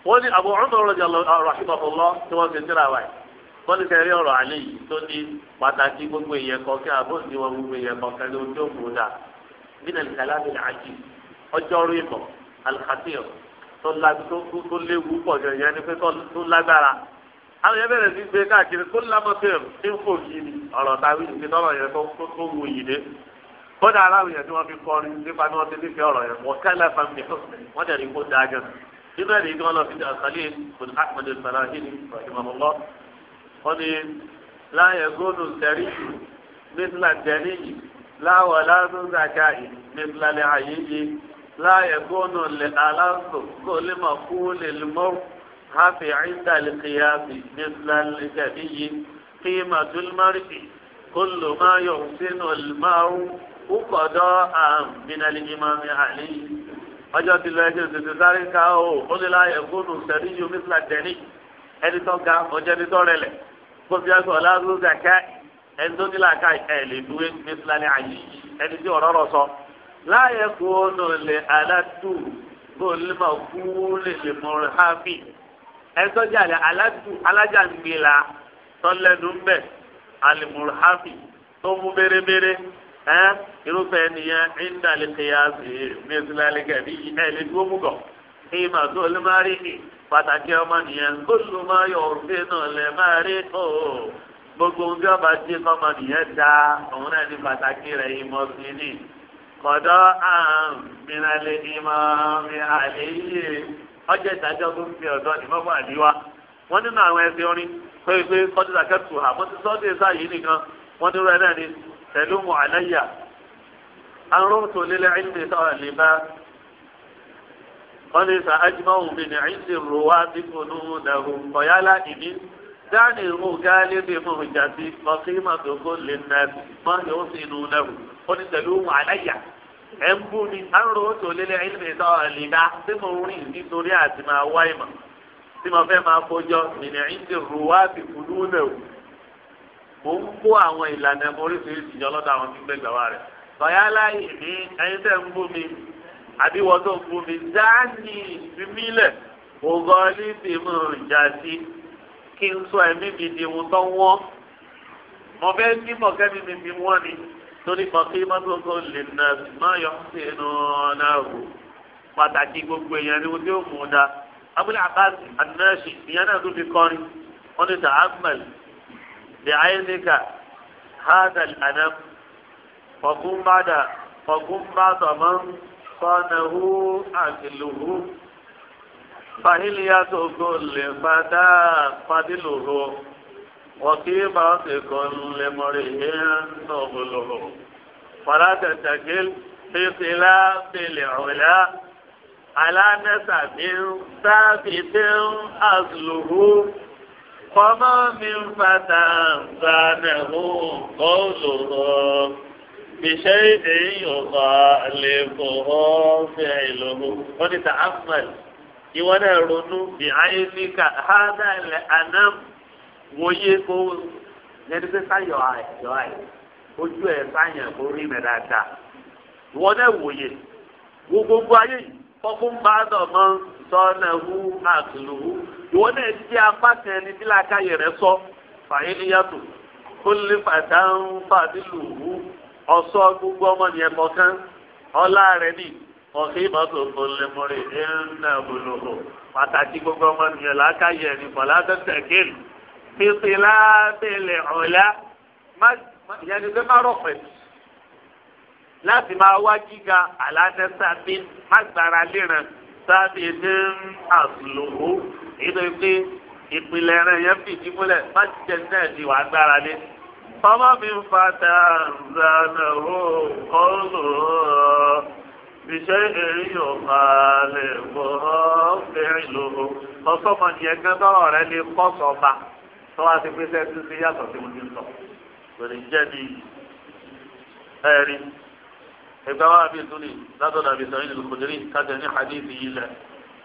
ولي أبو عمر رضي الله رحمه الله توازن دراوي wọ́n ní sẹ́rí ọ̀rọ̀ àlẹ́ yìí tó ní pàtàkì gbogbo èèyàn kọ̀ọ̀kẹ́ àbóòsí wọn gbogbo èèyàn kọ̀ọ̀kẹ́ ló tó kù dà nínú ìsàlámì àjì ọjọ́rú ìmọ̀ alikatir tó léwu pọ̀ jọ ni pé tó lágbára. àwọn yẹn bẹ̀rẹ̀ sí gbé káàkiri tó lámọ́tẹ́r tí yìí ni ọ̀rọ̀ táwí ní tọ́lọ̀ yẹn tó wù yìí dé. kódà aláwọ̀ yẹn tí wọ́n fi kọrin nípa ní wọ́n ti nífẹ̀ẹ́ ọ̀rọ̀ yẹn wọ́n kẹ́lẹ́ fami wọ́n jẹ̀rí kó dáa jẹ́ nínú ẹ̀ wọ́n ní láyé góòlù tẹ̀rí yìí mísìlá tẹ̀rí yìí láwọ̀ aláàtún zaka yìí mísìlá lè àyè yìí láyé góòlù aláàtún góòlù mọ̀ kú lè mọ́ hafi ẹ̀ńdà lè kéyàsì mísìlá lè tẹ̀rí yìí kí màdúlmárì kúlù má yọ̀ sínú ìmáwó kúkọ̀dọ̀ àmìnàlì ìmàmì àlè ọjọ́ ti lọ ẹjọ́ tètè sáré ká o ó lè láyé góòlù tẹ̀rí yìí mísìlá tẹ̀rí yìí. ẹni tó ga ọjọ́ ẹni tó rẹlẹ̀ kó fi ẹsẹ̀ ọ̀làdúró zaka ẹni tó ní làákà ẹ̀ lè dúwé mẹsìlálì àyè ẹni tí ọ̀rọ̀ rọ̀ sọ. láyé kó nù lè aládù kó lè má kú lè lè mọ̀rọ̀ hábì ẹni tó jà lè aládù alájà ń gbé la tọ́lẹ́nu mbẹ́ alimọ̀rọ̀ hábì tó mú bérebére irúfẹ́ nìyẹn ẹ̀ lè dúró pàtàkì ọmọnìyàn gbóṣù máa yọ òrùlé náà lẹ máa rí o gbogbo ohun tí ọba tí ọmọnìyàn da òun náà ní pàtàkì rẹ ìmọ̀ sí kọ̀dọ̀ àmìnàlẹ̀ ìmọ̀ mi àlẹ́yé ọjọ́ tó ń fi àdíwá wọ́n nínú àwọn orin nìkan dúró náà ní wọ́n ní sà ájúmọ́hùn mi ní àìsí rúwá bí kò ní òun dàrú ọ̀yálà ìní dáàni ìhùn gáálé bí mo jà sí ọ̀kírímà tó kó lè nà bí mọ́ yóò sì nù dàrú ó ní tẹ̀lé òun àláyà ẹ̀ ń bú ni à ń ro oṣù lélẹ̀ ìlú ìta ọ̀lìdá tí mo rìn nítorí àti máa wá ìmọ̀ tí mo fẹ́ máa kójọ mi ní àìsí rúwá bí kò ní òun mo ń kó àwọn ìlànà oríṣiríṣi jọ lọ́dọ̀ àwọn àbí wọ́n tó fún mi dáàní ìfimílẹ̀ ògọ́lì tí mo ń jà sí kí n sọ ẹ̀mí mi di ohun tó wọ́n mo fẹ́ kí mọ̀kẹ́mi mi fi wọ́n ni torí kan kí mọ́tòkò lè nà má yọ sínú náà wò pàtàkì gbogbo èèyàn ni wọ́n ti mú un abúlé àkáàtì àdínẹ́sì ìyẹn náà tún fi kọrin wọ́n ní tàhámẹ́lì bí àyíníkà hádàlì àná ọ̀gúnbádà ọ̀gúnbádà máa أحصنه عقله فهلية كل فتى فضله وقيمة كل مرئ نبله فلا تتكل في خلاف العلا على نسب ثابت أصله فما من فتى زانه قوله بشيء يخالفه فعله ونتأمل ìwọ́n náà ronú bí ayé níkà hádà ilẹ̀ anam wòye kó yẹni pé sáyọ̀ àyọ̀ àyè ojú ẹ̀ sáyàn kó rí mẹ́ dáadáa ìwọ́n náà wòye wo gbogbo ayé yìí fọ́fún bàdàn mọ́ sọ́nà hu àtùlù hu ìwọ́n náà ti apá kan ẹni làákàyè rẹ̀ sọ fàyè níyàtò kó lè fàdánù fàdílù hu ọ̀ṣọ́ gbogbo ọmọnìyàn kọ̀ọ̀kan ọlá rẹ̀ ni ọ̀sẹ̀ ìmọ̀tò olèmọ̀rẹ̀ ẹ̀ńnà gbòlòbò pàtàkì gbogbo ọmọnìyàn làákàyè ní bọ̀ládọ́tẹ̀ kéèlì pípín lábẹ́lẹ̀ ọ̀la ìyẹn ni pé má rọ̀ pẹ̀lú láti máa wá gíga àládẹ́sàbí mágbára léran sábì ní àsùlùkù nítorí pé ìpìlẹ̀ rẹ̀ yẹn fìdí múlẹ̀ má jẹ́ náà di wàá gbára lé. فما من فتى زانه قوله بشيء يخالفه فعله فصفا يقدر لقصفة سواء في سياسة سياسة في مجلسة ولجدي أري إبقى أبي سني لا تدع بسعيد الخدري كتني حديثي إلا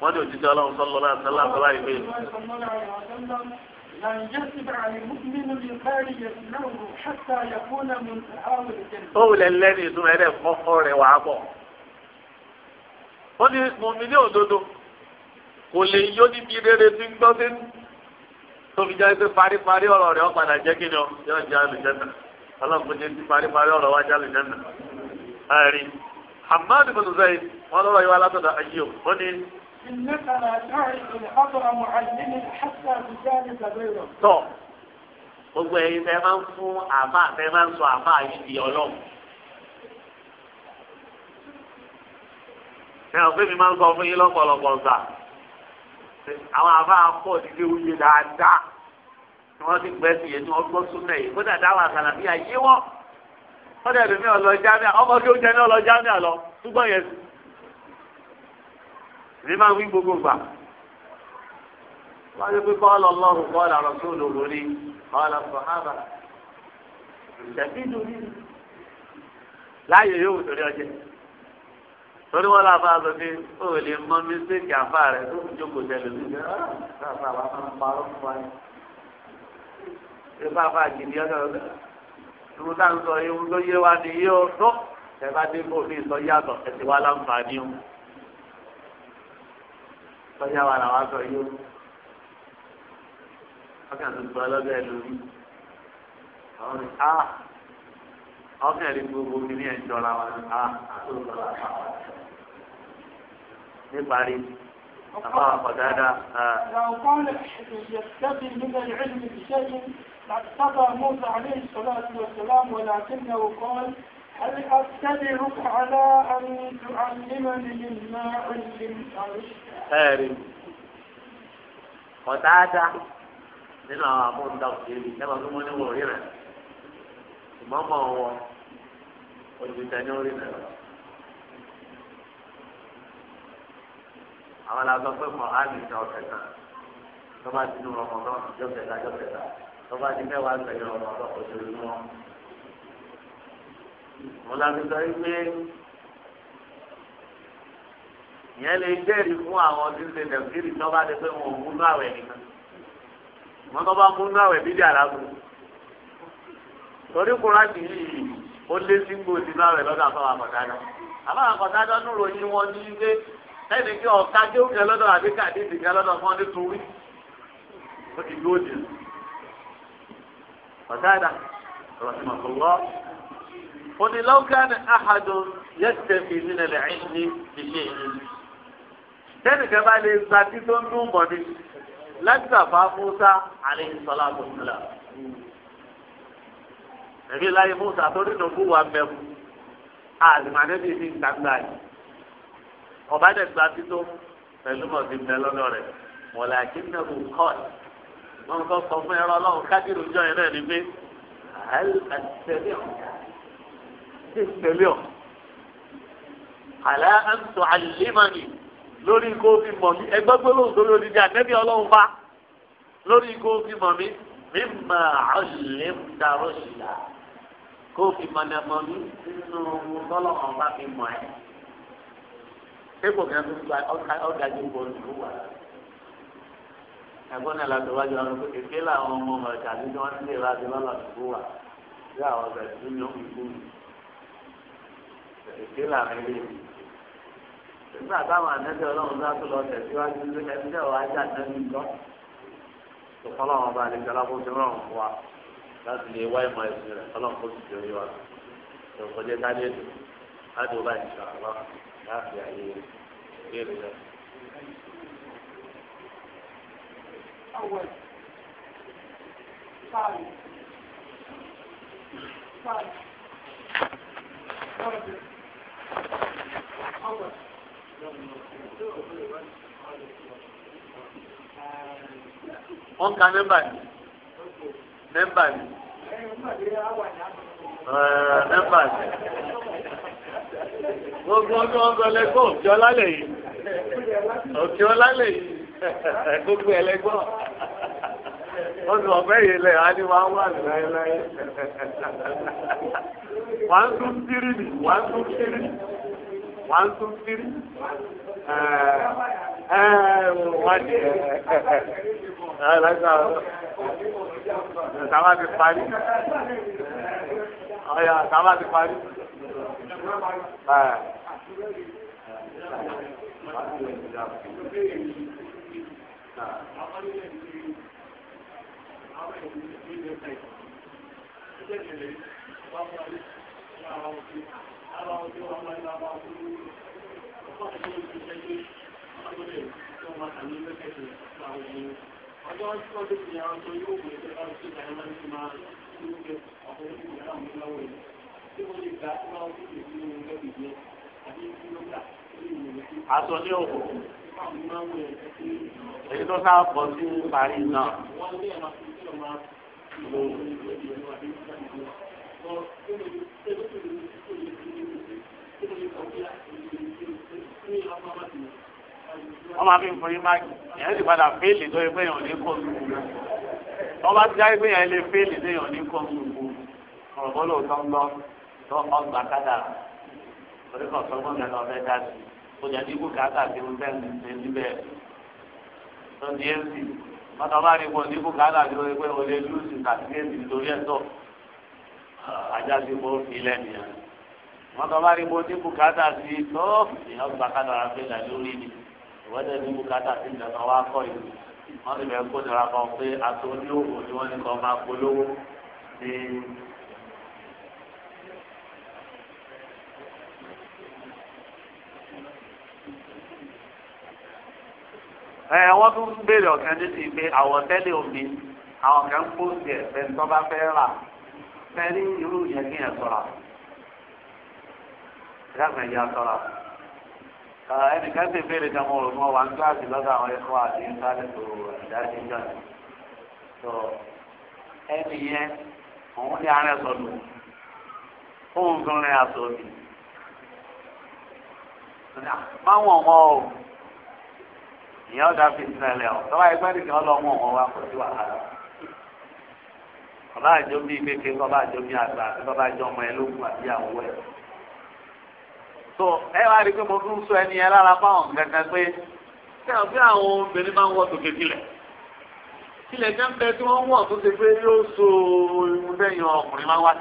وأن يجد الله صلى الله عليه وسلم ó lẹ lẹ́nu inú ẹ̀rẹ́ kọ́kọ́ rẹ̀ wàá bọ̀. ó ní mọ̀mí ní òdodo kò lè yó níbi rere tí ń gbọ́ sínú. tóbi jáde pé paríparí ọ̀rọ̀ rẹ̀ ó padà jẹ́ kí ni ọ yóò jẹ́ àlùjẹ́nà ọlọ́run jẹ́ ti paríparí ọ̀rọ̀ wá jẹ́ àlùjẹ́nà. ààrin Hamad bin Zayd wọn lọ́rọ̀ yìí wá látọ̀dọ̀ ayé o ó ní. إنك لا تعرف الحضر معلم حتى بجانب غيره. tọ́ gbogbo ẹ̀yin tẹ́ máa ń fún àbá tẹ́ máa ń sọ àbá yìí di ọlọ́run. ẹ ò fẹ́ mi máa ń sọ fún yín lọ́pọ̀lọpọ̀ ọ̀sà àwọn àbá pọ̀ nílé oúnjẹ dáadáa tí wọ́n ti gbẹ́ sí yẹn tí wọ́n gbọ́ yìí kódà dáwà kàlàbíà yé wọ́n kódà ẹ̀mí ọlọ́jà mi ọmọdé oúnjẹ ní ọlọ́jà mi àlọ́ túbọ̀ yẹn sí èmi máa ń wí gbogbo gbà wọ́n ti pé kọ́ọ̀lù ọlọ́run kọ́ọ̀lù àròsóòlù lórí kọ́ọ̀lù sọ̀hábà ìṣẹ́bíjú ní láàyè yóò torí ọjẹ́ torí wọn làbá sọ pé ó lè mọ mísíkì àfa rẹ tó ń jókòó tẹlẹ lórí rẹ káfà wà máa parọ́ fún wa ní káfà gidi ọjọ́ rẹ ìlú táwọn sọ ewu ló yé wa nìyí ó tó ẹ bá dé kó mi sọ yàtọ̀ kọjá wa làwọn sọ yóò ọkàn tó gbọ́ lọ́dọ̀ ẹ̀ lórí àwọn ni a ọkàn rí gbogbo mi ní ẹ̀jọ́ la wọn a àtúntò la fà wọn. níparí àbá àpàdáda. لو يستبي من العلم بشيء لاقتضى موسى عليه الصلاة والسلام ولكنه قال هل أتبعك على أن تعلمني مما علمت رشدا ọ̀dáadá nínú àwọn àmúńdá òkèèrè sábà tó wọ́n ní wọ̀ rí rẹ̀ ṣùgbọ́n mọ̀ wọ òjìjà ní orí rẹ̀ àwọn la sọ pé mọ̀ á lè ta ọ̀sẹ̀ kan tó bá ti ní ọmọ náà jọ́kẹ̀ta jọ́kẹ̀ta tó bá ti mẹ́wàá gbẹ̀yìn ọmọ náà kò tó lè mọ́. mo la fi sọ yìí pé ìyẹn lè jẹ́rìí fún àwọn tí ń ṣe dẹ̀kírì tó bá pé wọn ò múnú àwẹ̀ nìkan wọn tó bá múnú àwẹ̀ bíbí àlágbó torí kúránì yìí ó lé sí gbòdì náà rẹ̀ lọ́dọ̀ àfọwọ́ àkọ́dáná àfọwọ́ àkọ́dáná ń ròyìn wọn ní ilé ẹnì kí ọ̀ka kí ó kẹ lọ́dọ̀ àbí lọ́dọ̀ fún torí ó ti lọ́ òní lọ́kàn àhàdùn yẹ́tẹ̀fì nílẹ̀ lẹ́yìn ní ìṣe yìí. tẹ́nìkan bá lè gba títún dún mọ́ ni lágbàfà Musa alayhi salatu wassalam. ẹ̀mí láyé Musa tó nínú kú wa mẹ́mu àdìmọ̀débí ní gbàgbà yìí. ọ̀bá dẹ̀ gba títún pẹ̀lú mọ̀tí bẹ lọ́dọ̀ rẹ̀ mọ̀lá kí n nàbù kọ́ọ̀lì wọn kọ́ sọ fún ẹ̀rọ ọlọ́run kájírù jọ yẹn náà ni pé àìsàn tẹ̀lé ọ̀gá tẹ̀lé ọ̀ àlá àǹtò àlèmánì lórí kó fi mọ̀ mí ẹgbẹ́ gbólóhùn sórí odidi àtẹ́bí ọlọ́run fa lórí kó fi mọ̀ mí mímà àlèmdà rọ́ṣìlá kó fi mọ̀nà mọ̀ mí nínú tọ́lọ́mọ̀ bá fi mọ̀ ẹ́. Épò kan tó gba ọ̀dájú bọ̀ ní ìlú wa. Ẹ̀gbọ́n náà láti wájú àwọn ọmọ kékeré làwọn ọmọ ọmọ ìtàgé tí wọ́n ti lè ra ti lọ́lọ́ ìlú Bí àwọn ọ̀gá ìlú ni èké làwọn eléyìí nígbà táwọn ànẹ́tẹ̀ ọlọ́run bá tó lọ tẹ̀síwájú ló ẹgbẹ́ ọ̀ ajá ànẹ́tẹ̀ ńlọ tó fọlọ́wọn bá lè jọlá kó rọrùn fún wa láti lè wá ìmọ̀ ẹ̀sìn rẹ̀ fọlọ́wọn kó ti jẹ orí tó kọjá táyé tó láti wọ́n bá ìṣọ̀ àlọ́ láti àyè ìbéèrè rẹ̀. Awẹ̀ sáàlì wọ́n ka mẹ́mbà ni mẹ́mbà ni mẹ́mbà ni gbogbo ọdún ọgbọ lẹgbọn òkè ọlá lè òkè ọlá lè yìí gbogbo ẹlẹgbọn. ó sọ ọ̀fẹ́ yìí lẹ̀ á ní wàá wà láéláé wàá tún tírì nì wàá tún tírì nì wàá tún tírì wádìí ẹ lọ́sọ̀ tàbá ti parí ọ̀yà tàbá ti parí. Thank eh. Ọjọ́ Aṣọ ní òkú èyí tó sáà pọ̀ sí parí náà wọ́n máa fi ń fún máàkì èèyàn sì padà fẹ́ẹ̀lì tó yẹ pé èèyàn ní kó wọ́n bá ti jáde pé èèyàn lè fẹ́ẹ̀lì tó èèyàn ní kó ọ̀rọ̀ bọ́lọ̀ tó ń lọ tó ọgbà kádà oríkọ̀ tó gbọ́dọ̀ lọ fẹ́ dá sí i ó yẹ kí kó kàtà sí ń bẹ́ẹ̀ ní síbẹ̀ tó di bàtà bá rí wọn níbù káàdà tí wọ́n pé olè lùsì sàtìkẹ́tì lórí ẹ̀tọ́ ajá ti mọ́ ilẹ̀ nìyẹn bàtà bá rí wọn níbù káàdà tí tó ìyá gba káàdà rà fẹ́lẹ̀ lórí ni ìwọ́dẹ̀ níbù káàdà tí ìjọba wa kọ́ ìlú wọ́n ti bẹ̀rẹ̀ kó nira kan pé aṣọ oníhòòhò ni wọ́n ní kọ́ máa polówó ní ẹ wọ́n tún béèrè ọ̀kan ní ti pé àwọ̀tẹ́lẹ̀ omi àwọn kan kó tiẹ̀ fẹ́ tó bá fẹ́ rà fẹ́ rí irú yẹn kí yẹn sọ̀rọ̀ ìdáàbẹ̀ yẹn sọ̀rọ̀ ẹnìkan ti béèrè kan mo rò mọ́ wa ní kíláàsì àwọn ẹ̀kọ́ àti íńtánẹ́ẹ̀tì ìdájí jọ ni tó ẹnì yẹn òun ní arẹ ah, sọdù òun gan rẹ máwọn ọmọ o ìyá ọ̀dà fi sílẹ̀ ọ̀ tọ́wọ́ ẹgbẹ́ nìkan ọlọ́mọ ọmọ wa kò sí wàhálà ọba àjọ bíi kéke kọba àjọ bíi àgbà kọba àjọ ọmọ ẹ àti àwọ ẹ. tó ẹ wá rí i pé mo tún sọ ẹni ẹ lára fáwọn kankan pé ṣé àwọn àwọn obìnrin máa ń wọ tòkè tilẹ̀ tilẹ̀ jẹ́ ń bẹ tí wọ́n wọ̀ tó ṣe pé yóò so irun lẹ́yìn ọkùnrin máa ń wá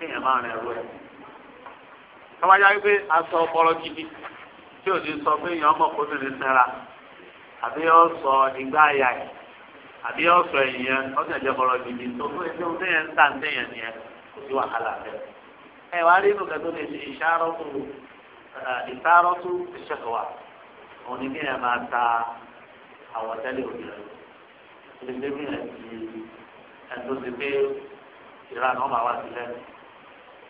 kéèyàn máa rìn ẹrú ẹ tọ́wájá wípé aṣọ ọpọlọ gidi tí ò ní sọ pé èèyàn mọ̀ kó lè sinra àbí yọ sọ ìgbà àyà ẹ̀ àbí yọ sọ èèyàn ọ̀sẹ̀ ìjọ ọpọlọ gidi tó fún ẹgbẹ́ ohun téèyàn ń tà ń téèyàn ni ẹ kò sí wàhálà rẹ ẹ wá rí nǹkan tó lè ṣe ìṣàrọ́tù ìṣàrọ́tù ìṣẹ̀kọ̀wà òun ni kéèyàn máa ta àwọ̀tẹ́lẹ̀ obìnrin lè lé bí ẹ̀ ti ẹ̀ ti pé ìlànà ọmọ àwa ti lẹ́nu.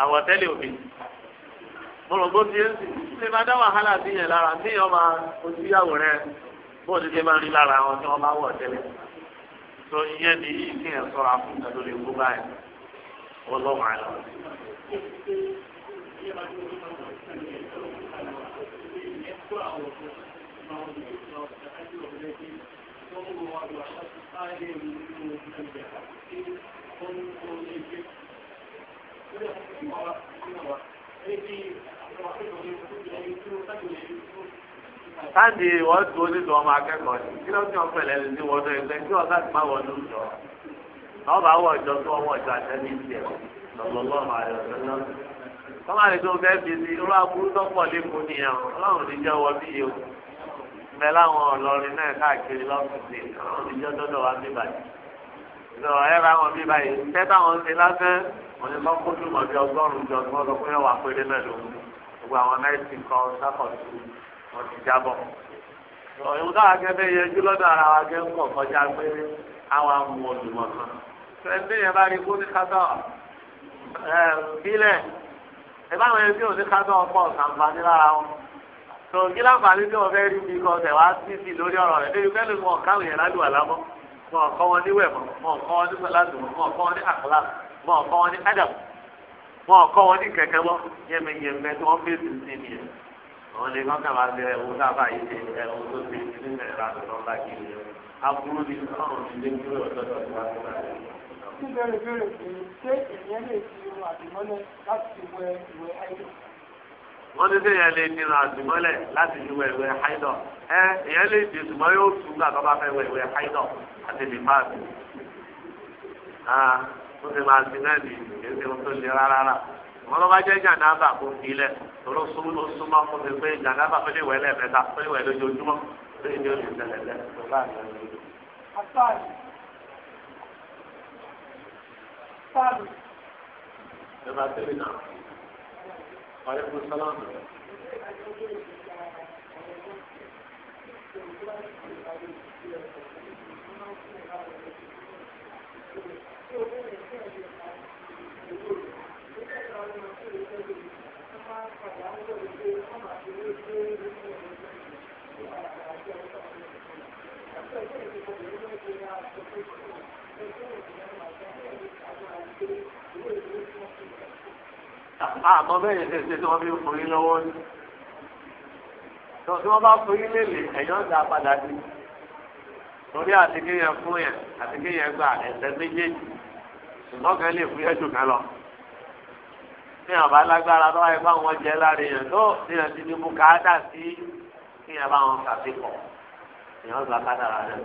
àwọ̀tẹ́lẹ̀ òbí mọ̀lọ́gbó ti ń ṣe máa dá wàhálà sí yẹn lára ní ọmọ ojúyàwó rẹ bóun ti ṣe máa rí lára wọn tí wọ́n bá wọ̀ tẹ́lẹ̀ tó yẹ ni yìí kí ẹ̀ sọ̀rọ̀ àfúnṣe lórí ikú báyìí wọ́n àlọ́. Thank you káàdì wọ́n tu onídùú ọmọ akẹ́kọ̀ọ́ ni kí ló ń yàn pẹ̀lẹ́ ní wọnú ẹgbẹ́ kí wọ́n láti má wọnú ìjọ ọba àwọn ìjọ tó ọmọ ìjọ àtẹ́bí tiẹ̀ lọ́gbọ̀gbọ́ ọmọ àyọ̀ lọ́nà. kọ́má lè tó fẹ́ fi si irú aburú tó lẹ́kọ̀ọ́ nìyẹn o ọlọ́run ní jẹ́ wọ bí yòó bẹ́ẹ̀ láwọn ọlọ́rin náà káàkiri lọ́fíìsì ọlọ́run ní jẹ́ dọ́dọ̀ wa bíbáyìí wọn ni lọ́kọ́ tó mọ̀ bí ọgọ́rùn-ún jọ tí wọ́n sọ pé wà péré náà gbogbo àwọn náìsì kan sákọ̀tù wọn ti jábọ̀. ìwọ táwọn akẹ́kẹ́ yẹjú lọ́dọ̀ ara wa gẹ́ ń kọ̀ kọjá pé àwọn amú olùmọ̀ kan. sẹ́ńdé yẹn bá rí kó kátó ẹ̀ bílẹ̀ ẹ bá wọn ẹbí òní kátó ọ̀pọ̀ sàǹfààní lára wọn. tó kí láǹfààní tí wọn fẹ́ rí bí kan tẹ̀ wá sí sí lórí ọ̀rọ̀ rẹ̀ débi kẹ́lẹ́ mọ̀ káwọn yẹn lálùwà lámọ́ mọ̀ ọ̀kọ́ wọn níwẹ̀ mọ̀ ọ̀kọ́ wọn níwẹ̀ wọn ò wọn ní adam wọn ò wọn ní kẹ̀kẹ́ wọn yẹmẹyẹmẹ tí wọ́n fèsì sí ni ẹ̀ àwọn lè kọ́kẹ́ bẹ ẹ̀wọ̀n sábà yìí ṣe ẹ̀wọ̀n tó ṣe ní nàìjíríà tó lọ́n bá kiri ẹ̀ aburú ni ọ̀run ti lé kúrò lọ́dọ̀ tó wá sí náà. Bíbélì bèrè pé ṣé ìyẹn lè àdìmọ́lẹ̀ láti wẹ ìwẹ̀ àìdọ̀? Wọ́n Ẹ ìyẹn lè di ṣùgbọ́n yóò tún gbà tó bá fẹ́ wẹ ìwẹ̀ àìdọ̀ àti lè máa bì tó ti máa sin náà nìyí kì í ṣe ohun tó le rárá wọn lọ bá jẹ jàǹdàbà kó fi lẹ tọrọ súnmọ́ súnmọ́ kó fi pé jàǹdàbà fẹlẹ wẹ lẹ́ẹ̀mẹ́ta fẹlẹ wẹ lójoojúmọ́ lẹ́yìn ní oṣù tẹ́lẹ̀ lẹ tó bá ń lọ. ẹ bá tẹ̀lé náà wàlẹ́ fún sálámù. Thank you. àmọ́ ah, bẹ́ẹ̀ ṣe ṣe tí wọ́n fi ń forí lọ́wọ́ ni tí wọ́n bá forí lélẹ̀ ẹ̀yọ́ dá padà sí torí àti kéèyàn fún yẹn àti kéèyàn gba ẹ̀sẹ̀ méjèèjì ṣùgbọ́n kan lè fúyẹ́ jù kan lọ ní àbá lágbára tó wáyé fáwọn jẹ lára èèyàn tó èèyàn ti ní bùkátà sí kéèyàn bá wọn kàfíkọ̀ èèyàn gba kádàrá rẹ̀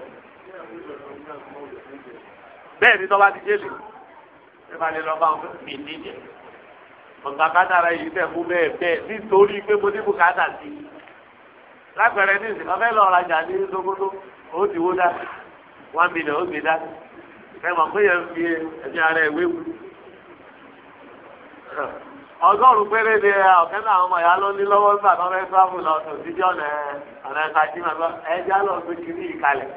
bẹ́ẹ̀ ni tọ́ba ti jẹ́ mọ̀tàkátà rẹ yìí tẹ̀ fún bẹ́ẹ̀ bẹ́ẹ̀ nítorí pé mo ní bùkátà sí i. lápẹ̀rẹ̀ ní ìsìn ọ̀fẹ́ lọ́ọ́ rajà ní Sokoto ó ti wó dá one million ó gbé dá ẹ mọ̀ pé yẹn fi ẹ̀mí ara ẹ̀ wéwu. ọgọ́rùn-ún péré ni ọ̀kẹ́ náà àwọn ọmọ ìyá ló ní lọ́wọ́ nígbà tó fẹ́ sáfù lọ tó ti jọ́ ọ̀nà ọ̀nà ẹ̀ka jí màgbọ́ ẹja lọ gbé kiri ìkalẹ̀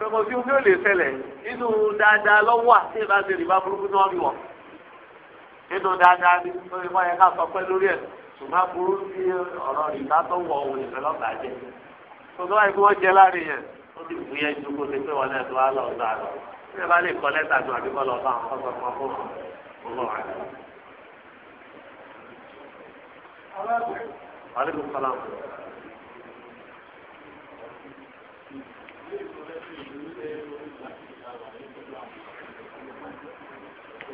pẹ̀lú tí omi ò lè ṣẹlẹ̀ nínú dáadáa lọ́wọ́ àti ìbáṣe ìbá burúkú tí wọ́n fi wọ̀ nínú dáadáa ni ó lè wáyé ká sọ pé lórí ẹ̀ ṣùgbọ́n burú sí ọ̀rọ̀ ìbá tó wọ̀ òun ìfẹ́ lọ́gbà jẹ́ tọ́tọ́ wáyé wọ́n jẹ láàrin yẹn ó ti fún yẹn ju kó ṣe pé wọn náà wá lọ́ọ̀ gbà lọ bí ẹ bá lè kọ́ lẹ́tà ju àbíkọ́ lọ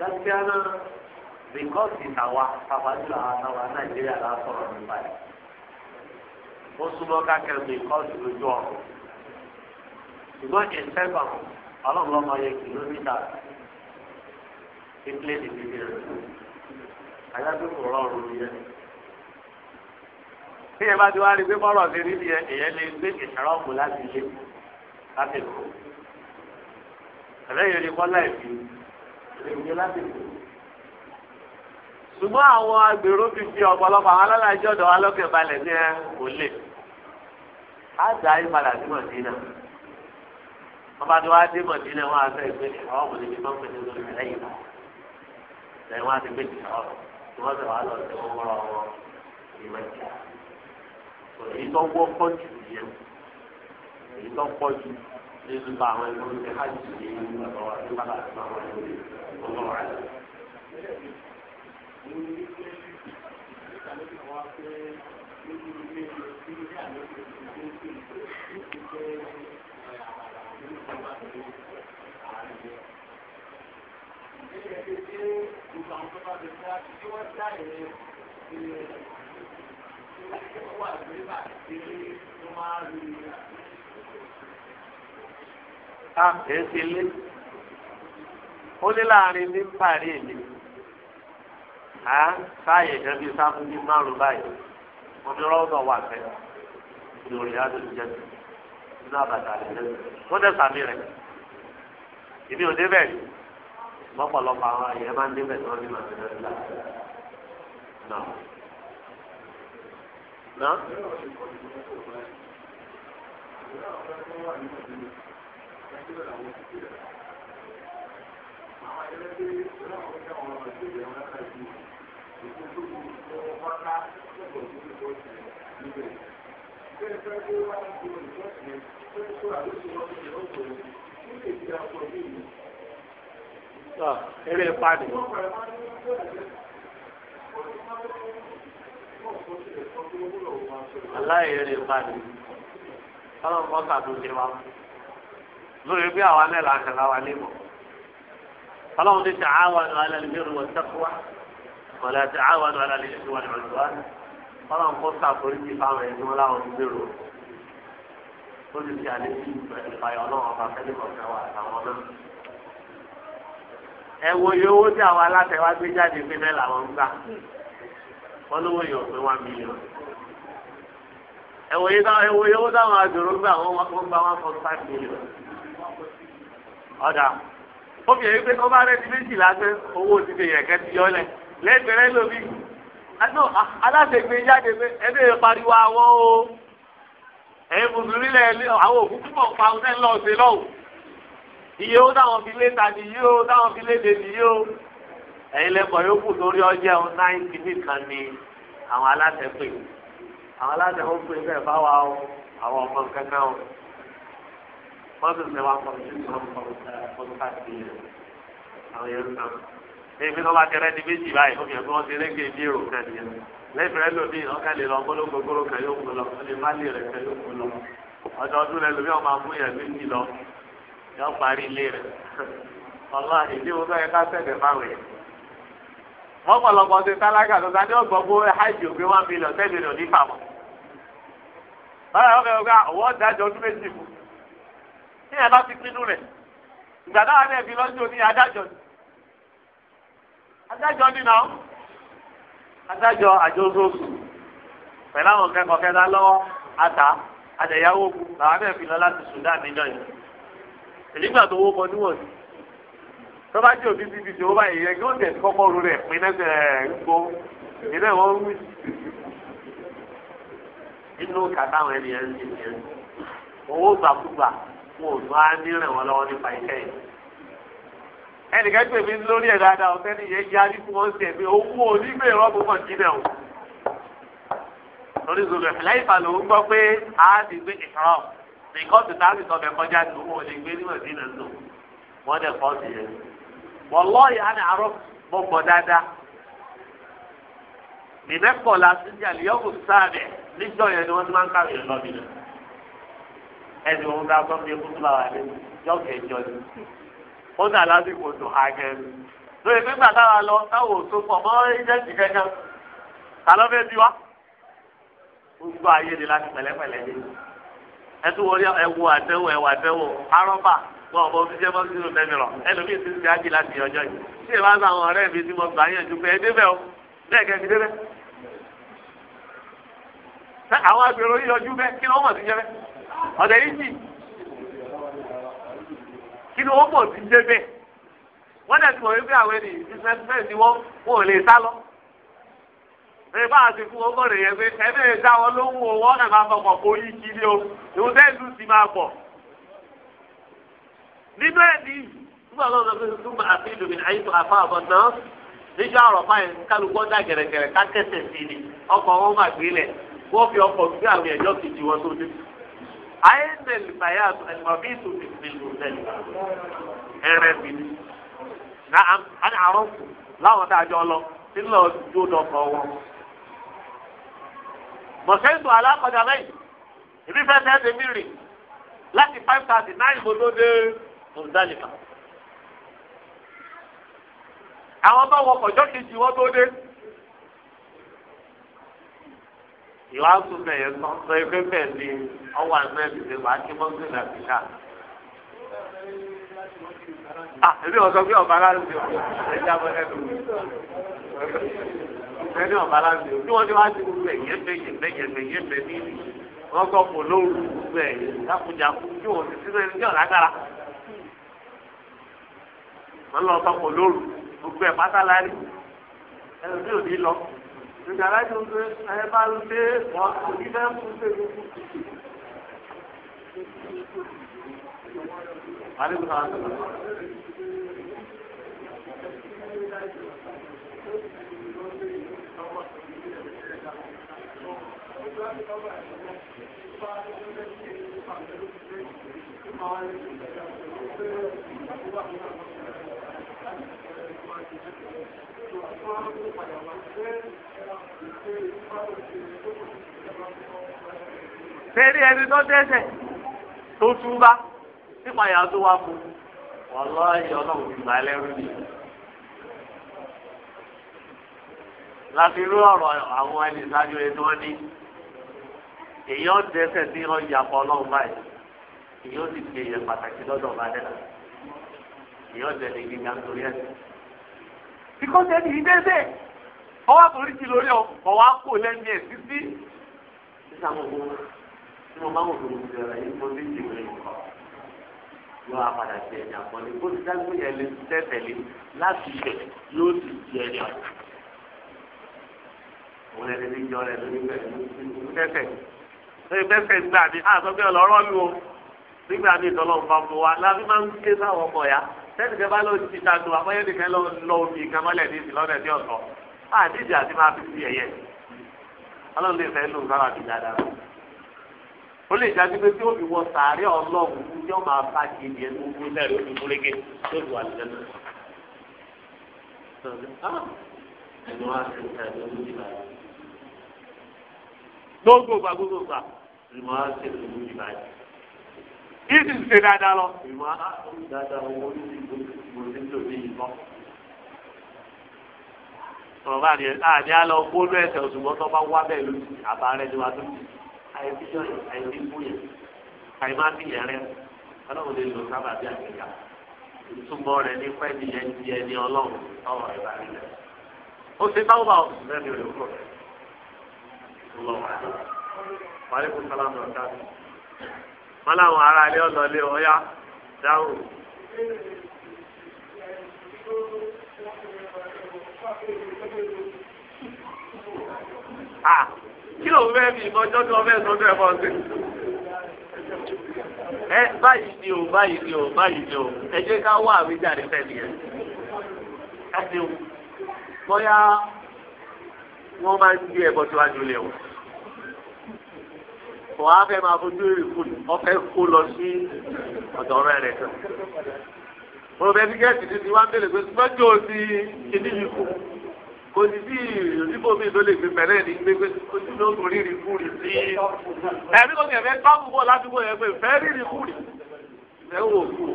gaskiya na rikọsi tàwa tàbájú àwọn tàwa nàìjíríà la sọ̀rọ̀ nípa o ó súnmọ́ kákẹ rikọsi lójú ọ̀rọ̀ ṣùgbọ́n ìṣẹgbọn ọlọ́run lọmọ yẹ kìlómítà ìpínlẹ̀ ìdílé rẹ ayájú kò rọrùn yẹn bá ti wá rí pé bọ́rọ̀ ti rí yẹn èyẹ lè gbé ìṣẹ̀rọ̀ ọ̀pọ̀ láti ilé láti lò. Ẹ̀rẹ́ yẹn ni kọ́lá èmi láti lò. ṣùgbọ́n àwọn agbèrò fi fi ọ̀pọ̀lọpọ̀ àwọn alálàájì ọ̀dọ̀ wa lọ́kẹ̀ balẹ̀ ní ẹ kò lè. á dà í padà sí mọ̀dínà. wọ́n bá ti wá dé mọ̀dínà wọn àfẹ́ ìgbé ní àwọn ọmọdé ní bá ń pèsè lórí rẹ̀ lẹ́yìn náà. lẹ́yìn wọn á ti gbé ní ọ̀rọ̀ tí wọ́n sì wá lọ sí ọmọ ọmọ ìmọ̀ ìjà. èyí tó wọ́pọ̀ jù yẹn èyí tó pọ̀ jù 你是八万五还是那个七八万、八万六？我个玩的。a kìí ṣe lé ó ní láàrin ní parí èmi a sáàyè jẹ́ bí sáfún bí márùn báyìí mo ní rọ́ọ̀dọ̀ wà fẹ́ lórí adùn jẹ́ nínú àbàtà rẹ̀ jẹ́ ó dẹ̀ sàmì rẹ̀ ìbí ò débẹ̀ rí lọ́pọ̀lọpọ̀ àwọn àyẹ̀ máa ń débẹ̀ tí wọ́n ní màtí náà nígbà náà. Náà eré ipa ni. aláìrè ipa ni. kọ́lọ́mù kọ́kà tó ṣe lórí bí àwọn alẹ́ là ń kàlà wà lébọ̀ ọlọ́run ti ta'awanu 'ala al-birri wat-taqwa wa la ta'awanu 'ala al-ithmi wal-'udwan ọlọ́run kó sàforíjì fáwọn ẹni wọn láwọn ti gbèrò ó ti fi àlẹ́ sí ìfàyọ̀ ọlọ́run ọba fẹ́lẹ́ kọ̀ọ̀kan wà àtàwọn náà ẹ wo iye owó tí àwọn alátẹ̀wá gbé jáde pé bẹ́ẹ̀ làwọn ń gbà wọ́n lówó yọ̀ pé wọ́n mílíọ̀n. ẹ wo iye owó táwọn five million ọ̀dà obìnrin pé ọba rẹ ti méjìlá pé owó ti fi yẹ̀kẹ́ ti yọ lẹ̀ lẹ́gbẹ̀rẹ́ lómi aláṣẹgbè jáde pé ẹgbẹ́ pariwo àwọn o ẹ̀yin mùsùlùmí lẹ̀ àwọn òkú púpọ̀ pa ọ̀sẹ̀ ńlọ ọ̀sẹ̀ lọ́wọ́ iye ó táwọn fi lé ta nìyí ó táwọn fi lé de nìyí ó ẹ̀yin lẹ́kọ̀ọ́ yóò kù lórí ọjọ́ ẹ̀hún náírà nìkan ni àwọn aláṣẹ pè àwọn aláṣẹ ń pè bẹ́ẹ̀ báwa àwọn ọmọ kankan o wọ́n sì ṣe wá pọ̀ sí ọdún káàkiri àwọn yẹn sàn. ebi tó bá kẹrẹ ní méjì báyìí ó fi hàn pé wọ́n ti rẹ́gbẹ̀ẹ́ bí èrò kan nìyẹn. lẹ́bìrẹ́ lómi ọ̀kẹ́ lè lọ gbólógbó gbóló kan yóò kú lọ ó lè má lè rẹ̀ kan yóò kú lọ. ọdọọdún lẹ lómi ọmọ amúyẹ̀ méjì lọ yọ parí ilé rẹ̀. ọ̀la ìdí wo bẹ́ẹ̀ ká sẹ̀dẹ̀ fáwọn yẹn. wọ́n pọ̀lọpọ̀ ti tálákà tó ta ní ọgbọ́n bó hajj ògbé one million ten million nípa mọ́. báyọ̀ ọ̀gá ọ̀gá ọ̀wọ́ dájọ́ ọdún méjì fún tí yẹn bá ti pinnu rẹ̀ ìgbà táwọn náà fi lọ́jọ́ ní adájọ́ ni adájọ́ ni náà adájọ́ àjọṣoṣù pẹ̀lú àwọn kẹ́kọ̀ọ́ kẹta lọ́wọ́ ata àtẹ̀yáwó kù làwọn náà fi lọ láti Sudan níjọ́ yìí èlígbà tó wọ́pọ̀ níwọ̀n sí tọ́ba tí òbí bíbí tí ó bá yẹ kí ó tẹ̀ kọ́kọ́ ru rẹ̀ pin lẹ́sẹ̀ gbó ilé wọn wí inú kàtà àwọn ènìyàn ń ṣe owó gbàkúgbà wọn ò tún á ní ràn wọ́n lọ́wọ́ nípa iṣẹ́ yìí. ẹnìkan pè mí lórí ẹ̀ dáadáa ọ̀sẹ̀ nìyẹn yá ní fún wọn sí ẹ̀mí owó onígbèrè ọ̀bùn kan jí náà. lórí zolẹ̀ láì fà ló ń gbọ́ pé a ti gbé ìṣòro nìkan tó tábì sọ bẹ́ẹ̀ kọjá tó wọn lè gbé níwọ̀n sí ìlú wọn dẹ̀ kọ́ sí ẹ̀. wọ́lọ́ọ̀yì á ní arọ́ mọ̀ pọ̀ dáadáa. ìmẹ́kọ̀ọ́ ẹni òun náà gbọ́n bí kútu bá wà ní jọ́kẹ̀jọ ni ó nà lásìkò tó àgẹ̀ ni lóye pé gbàgbà lọ táwọn ò pọ̀ mọ́ ẹ̀jẹ̀jì kankan kàlọ́ fẹ́ bí wa gbogbo ayé ni láti pẹ̀lẹ́pẹ̀lẹ́ yé ẹtú wọlé ẹwù àtẹwò ẹwù àtẹwò arọ́bà wọn ọmọ fi jẹ́ mọ́tò nínú mẹ́mi rọ ẹlòmíì ti ti ájì láti ọjọ́ yìí tí èèyàn àwọn ọ̀rẹ́ mi tí mo gbà yànjú pé ẹdí bẹ́ẹ̀ o bẹ́ẹ̀ kẹ́ mi débẹ̀ àwọn agbèrò yíyanjú bẹ́ẹ̀ kí ni wọ́n mọ̀ sí jẹ́ bẹ́ẹ̀. ọ̀dẹ̀ yìí jì kí ni wọ́n bò ti dé bẹ́ẹ̀ wọ́n dẹ̀ ti mọ̀ wípé àwọn ènìyàn ti ni wọ́n wò lè sá lọ. ẹ bá a ti fún wọn bọ̀rẹ̀ yẹn pé ẹ bẹ́ẹ̀ dá wọn lóhùn o wọ́n kàn máa fọkàn kó yí kiri o ìwọ́n bẹ́ẹ̀ lù sí máa bọ̀. nínú ẹ̀ ní nígbà tó lọ sí túmọ̀ àfa àbọ̀ náà níjọ́ àrọ̀ fáyẹn kálukú ọjà gẹ̀rẹ́gẹ̀rẹ́ sí ni ọkọ̀ wọn gbé lẹ̀ عين البياض المبيت في المزدلفة إربي نعم أنا عرفت لا وضع جوله إلا جود قوة مشيت على قدمي ibi fẹ́ fẹ́ ṣe mí rìn láti five thirty nine mo tó dé Muzdalifa. àwọn bá wọkọ̀ jọ́kejì wọ́n tó ìwà tún sọ efe bẹ̀ ni ọwọ́ àgbẹ̀ mi ṣe kí mọ́tò ìlà fi ká. èmi ò sọ pé ọba aláǹdì ò ẹ jábọ̀ ẹnu ẹni ọba aláǹdì ò bí wọ́n ti wá sí gbogbo ẹ̀ yẹ́pẹ̀ yẹ́pẹ̀ yẹ́pẹ̀ yẹ́pẹ̀ níbi wọ́n kọ́ pò lóru gbogbo ẹ̀ jákujáku tí wọ́n ti ọ̀la kára wọ́n lọ sọ pò lóru gbogbo ẹ̀ pátá lárí ẹ̀ ìgbàlá tó ń gbé ẹ bá ń gbé wọn kò ní fẹ́ kú sí ewu. Thank you. Tẹ́lẹ̀ ẹni tó dẹ́sẹ̀ tó túbá nípa ìyá tó wá fún wọn lọ́ọ̀yì ọlọ́run ti gbà lẹ́rú ni. Láti rú ọ̀rọ̀ àwọn ẹni ìsájú ẹni wọ́n ní. Èèyàn dẹ́sẹ̀ tí wọ́n yà pọ̀ ọlọ́run báyìí. Èèyàn sì fi èèyàn pàtàkì lọ́dọ̀ bá dẹ́nà. Èèyàn dẹ̀ lè gbígbà nítorí ẹ̀sìn. Ìkọ́sẹ̀ ni ìdẹ́sẹ̀ ọwọ́ àtòrí ti lórí ọ̀ wá kó lẹ́nu ẹ̀ títí. nígbà mo mú tí mo bá mọ̀ tó mo ti rẹ̀ yìí mo lè jìwé nǹkan yóò apàdà sí ẹ̀yìn àpọ́nlé kó ti dágbé yẹn lè tẹ́tẹ̀lé láti ibẹ̀ yóò sì di ẹni ọ̀hún. òun ẹni ní jọ rẹ̀ lórí bẹ́ẹ̀ lórí bẹ́ẹ̀ nígbà mí ìtọ́lọ́run bá mú wa lábí máa ń ké sáwọn ọmọ ya sẹ́ni bá lọ ti ta nù àbáyé nìkan lọ omi ìkan mọ́lẹ̀ ní ìsìn ní ọ̀sán àdídì àti máa fi sí ẹ̀yẹ ọlọ́run lè fẹ́ lóun sábà fi dáadáa ó lè jáde pé tí ó fi wọ sàárẹ̀ ọlọ́run tí ó máa kí ni ẹni gbogbo náà ló fi múlẹ́gẹ́ tó fi wà lẹ́nu. ẹni wá sí ẹni ló ti báyìí. gbogbo gbà gbogbo gbà ìmọ̀ á sí ẹni ló ti báyìí. yìí ti ṣe dáadáa lọ. ìmọ̀ á dáadáa owó ní ìgbòho ìgbòho ní ìgbòho ní ìgbòho. ọ̀rọ̀ bá mi àdé àlọ́ gbólú ẹ̀sẹ̀ tó bá wá bẹ́ẹ̀ lójú àbá ni wà tó àìsíjọ́ àìsíkúyè àìmásíyẹ̀ rẹ̀ ọlọ́run lè lò sábà bí ìtumọ̀ rẹ̀ ní pẹ́ ní ẹni ẹni ọlọ́run ọ̀rọ̀ rí ó ti bá ọ̀sùn rẹ̀ kúrò mi ará ilé ọ̀yá dáhùn. Thank you. kí ló ń fẹ́ fi ìbọn ọjọ́ tí wọ́n fẹ́ sọ bẹ́ẹ̀ fọ́n sí. ẹ báyìí ni o báyìí ni o báyìí ni o ẹ jẹ́ ká wá àwí jáde fẹ́ẹ̀lì yẹn. ẹ ti wù bóyá wọ́n máa ń gbé ẹ̀bọ síwájú lé wọn. wọ́n á fẹ́ máa fojú ìrìkú ọ̀fẹ́ kó lọ sí ọ̀dọ̀ ọ̀rẹ́ rẹ̀ kan. mo rò bẹ́ẹ̀ bí gẹ́ẹ̀sì wá ń bèèrè pé ṣùgbọ́n sí ìdí yìí kù kò sí sí ìrìnàjò mi tó lè fi pẹ̀lẹ́ ní gbégbé ojú ló kò rírì kúrì sí i. ẹ̀mí kò tiẹ̀ fẹ́ tọ́kù bọ̀ ládùúgbò yẹn pé fẹ́ rírì kúrì. ẹ wò kú o.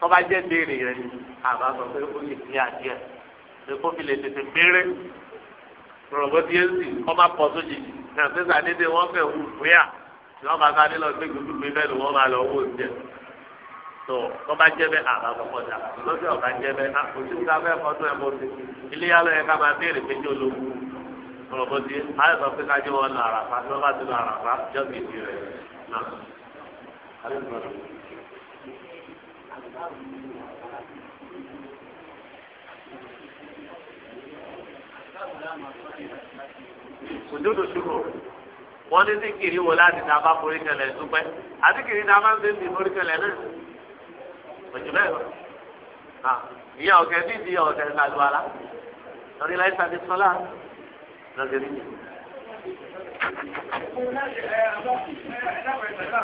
tọ́ba jẹ́ béèrè rẹ ni àbá sọ pé ó lè fi àjẹ́ pé kó fi lè tètè péré. rọ̀bọ̀ tí yẹn sì kọ́ máa pọ̀ sójì náà pé sàdédé wọ́n fẹ́ wù fúyà. ìwọ́n máa sáré lọ gbégbé gbégbé bẹ́ẹ̀ ni wọ́n máa lọ wò ó tó tọ́ba jẹ́ bẹ́ẹ̀ àbá kọ́kọ́ dà lọ́sẹ̀ ọ̀bá jẹ́ bẹ́ẹ̀ àkójú ká fẹ́ fọ́tún ẹ̀ bọ́sẹ̀ ilé yálò yẹ ká máa béèrè pé kí ológun ọ̀rọ̀bọ ti ayé sọ pé ká jẹ́ wọn lọ àràfá tí wọ́n bá ti lọ àràfá jọ́sìn ìdí rẹ̀ náà. sùdúdù ṣubú wọn ní sí kiri wo láti ta bá forí kẹlẹ dúpẹ́ àti kiri ta ń sèǹtì forí kẹlẹ náà òjò bẹ́ẹ̀ lọ. ìyá ọ̀kẹ́ bí ìdí ọ̀kẹ́ ìlànà ara lórí láì sáré sọ́lá lọ́gẹ́rì.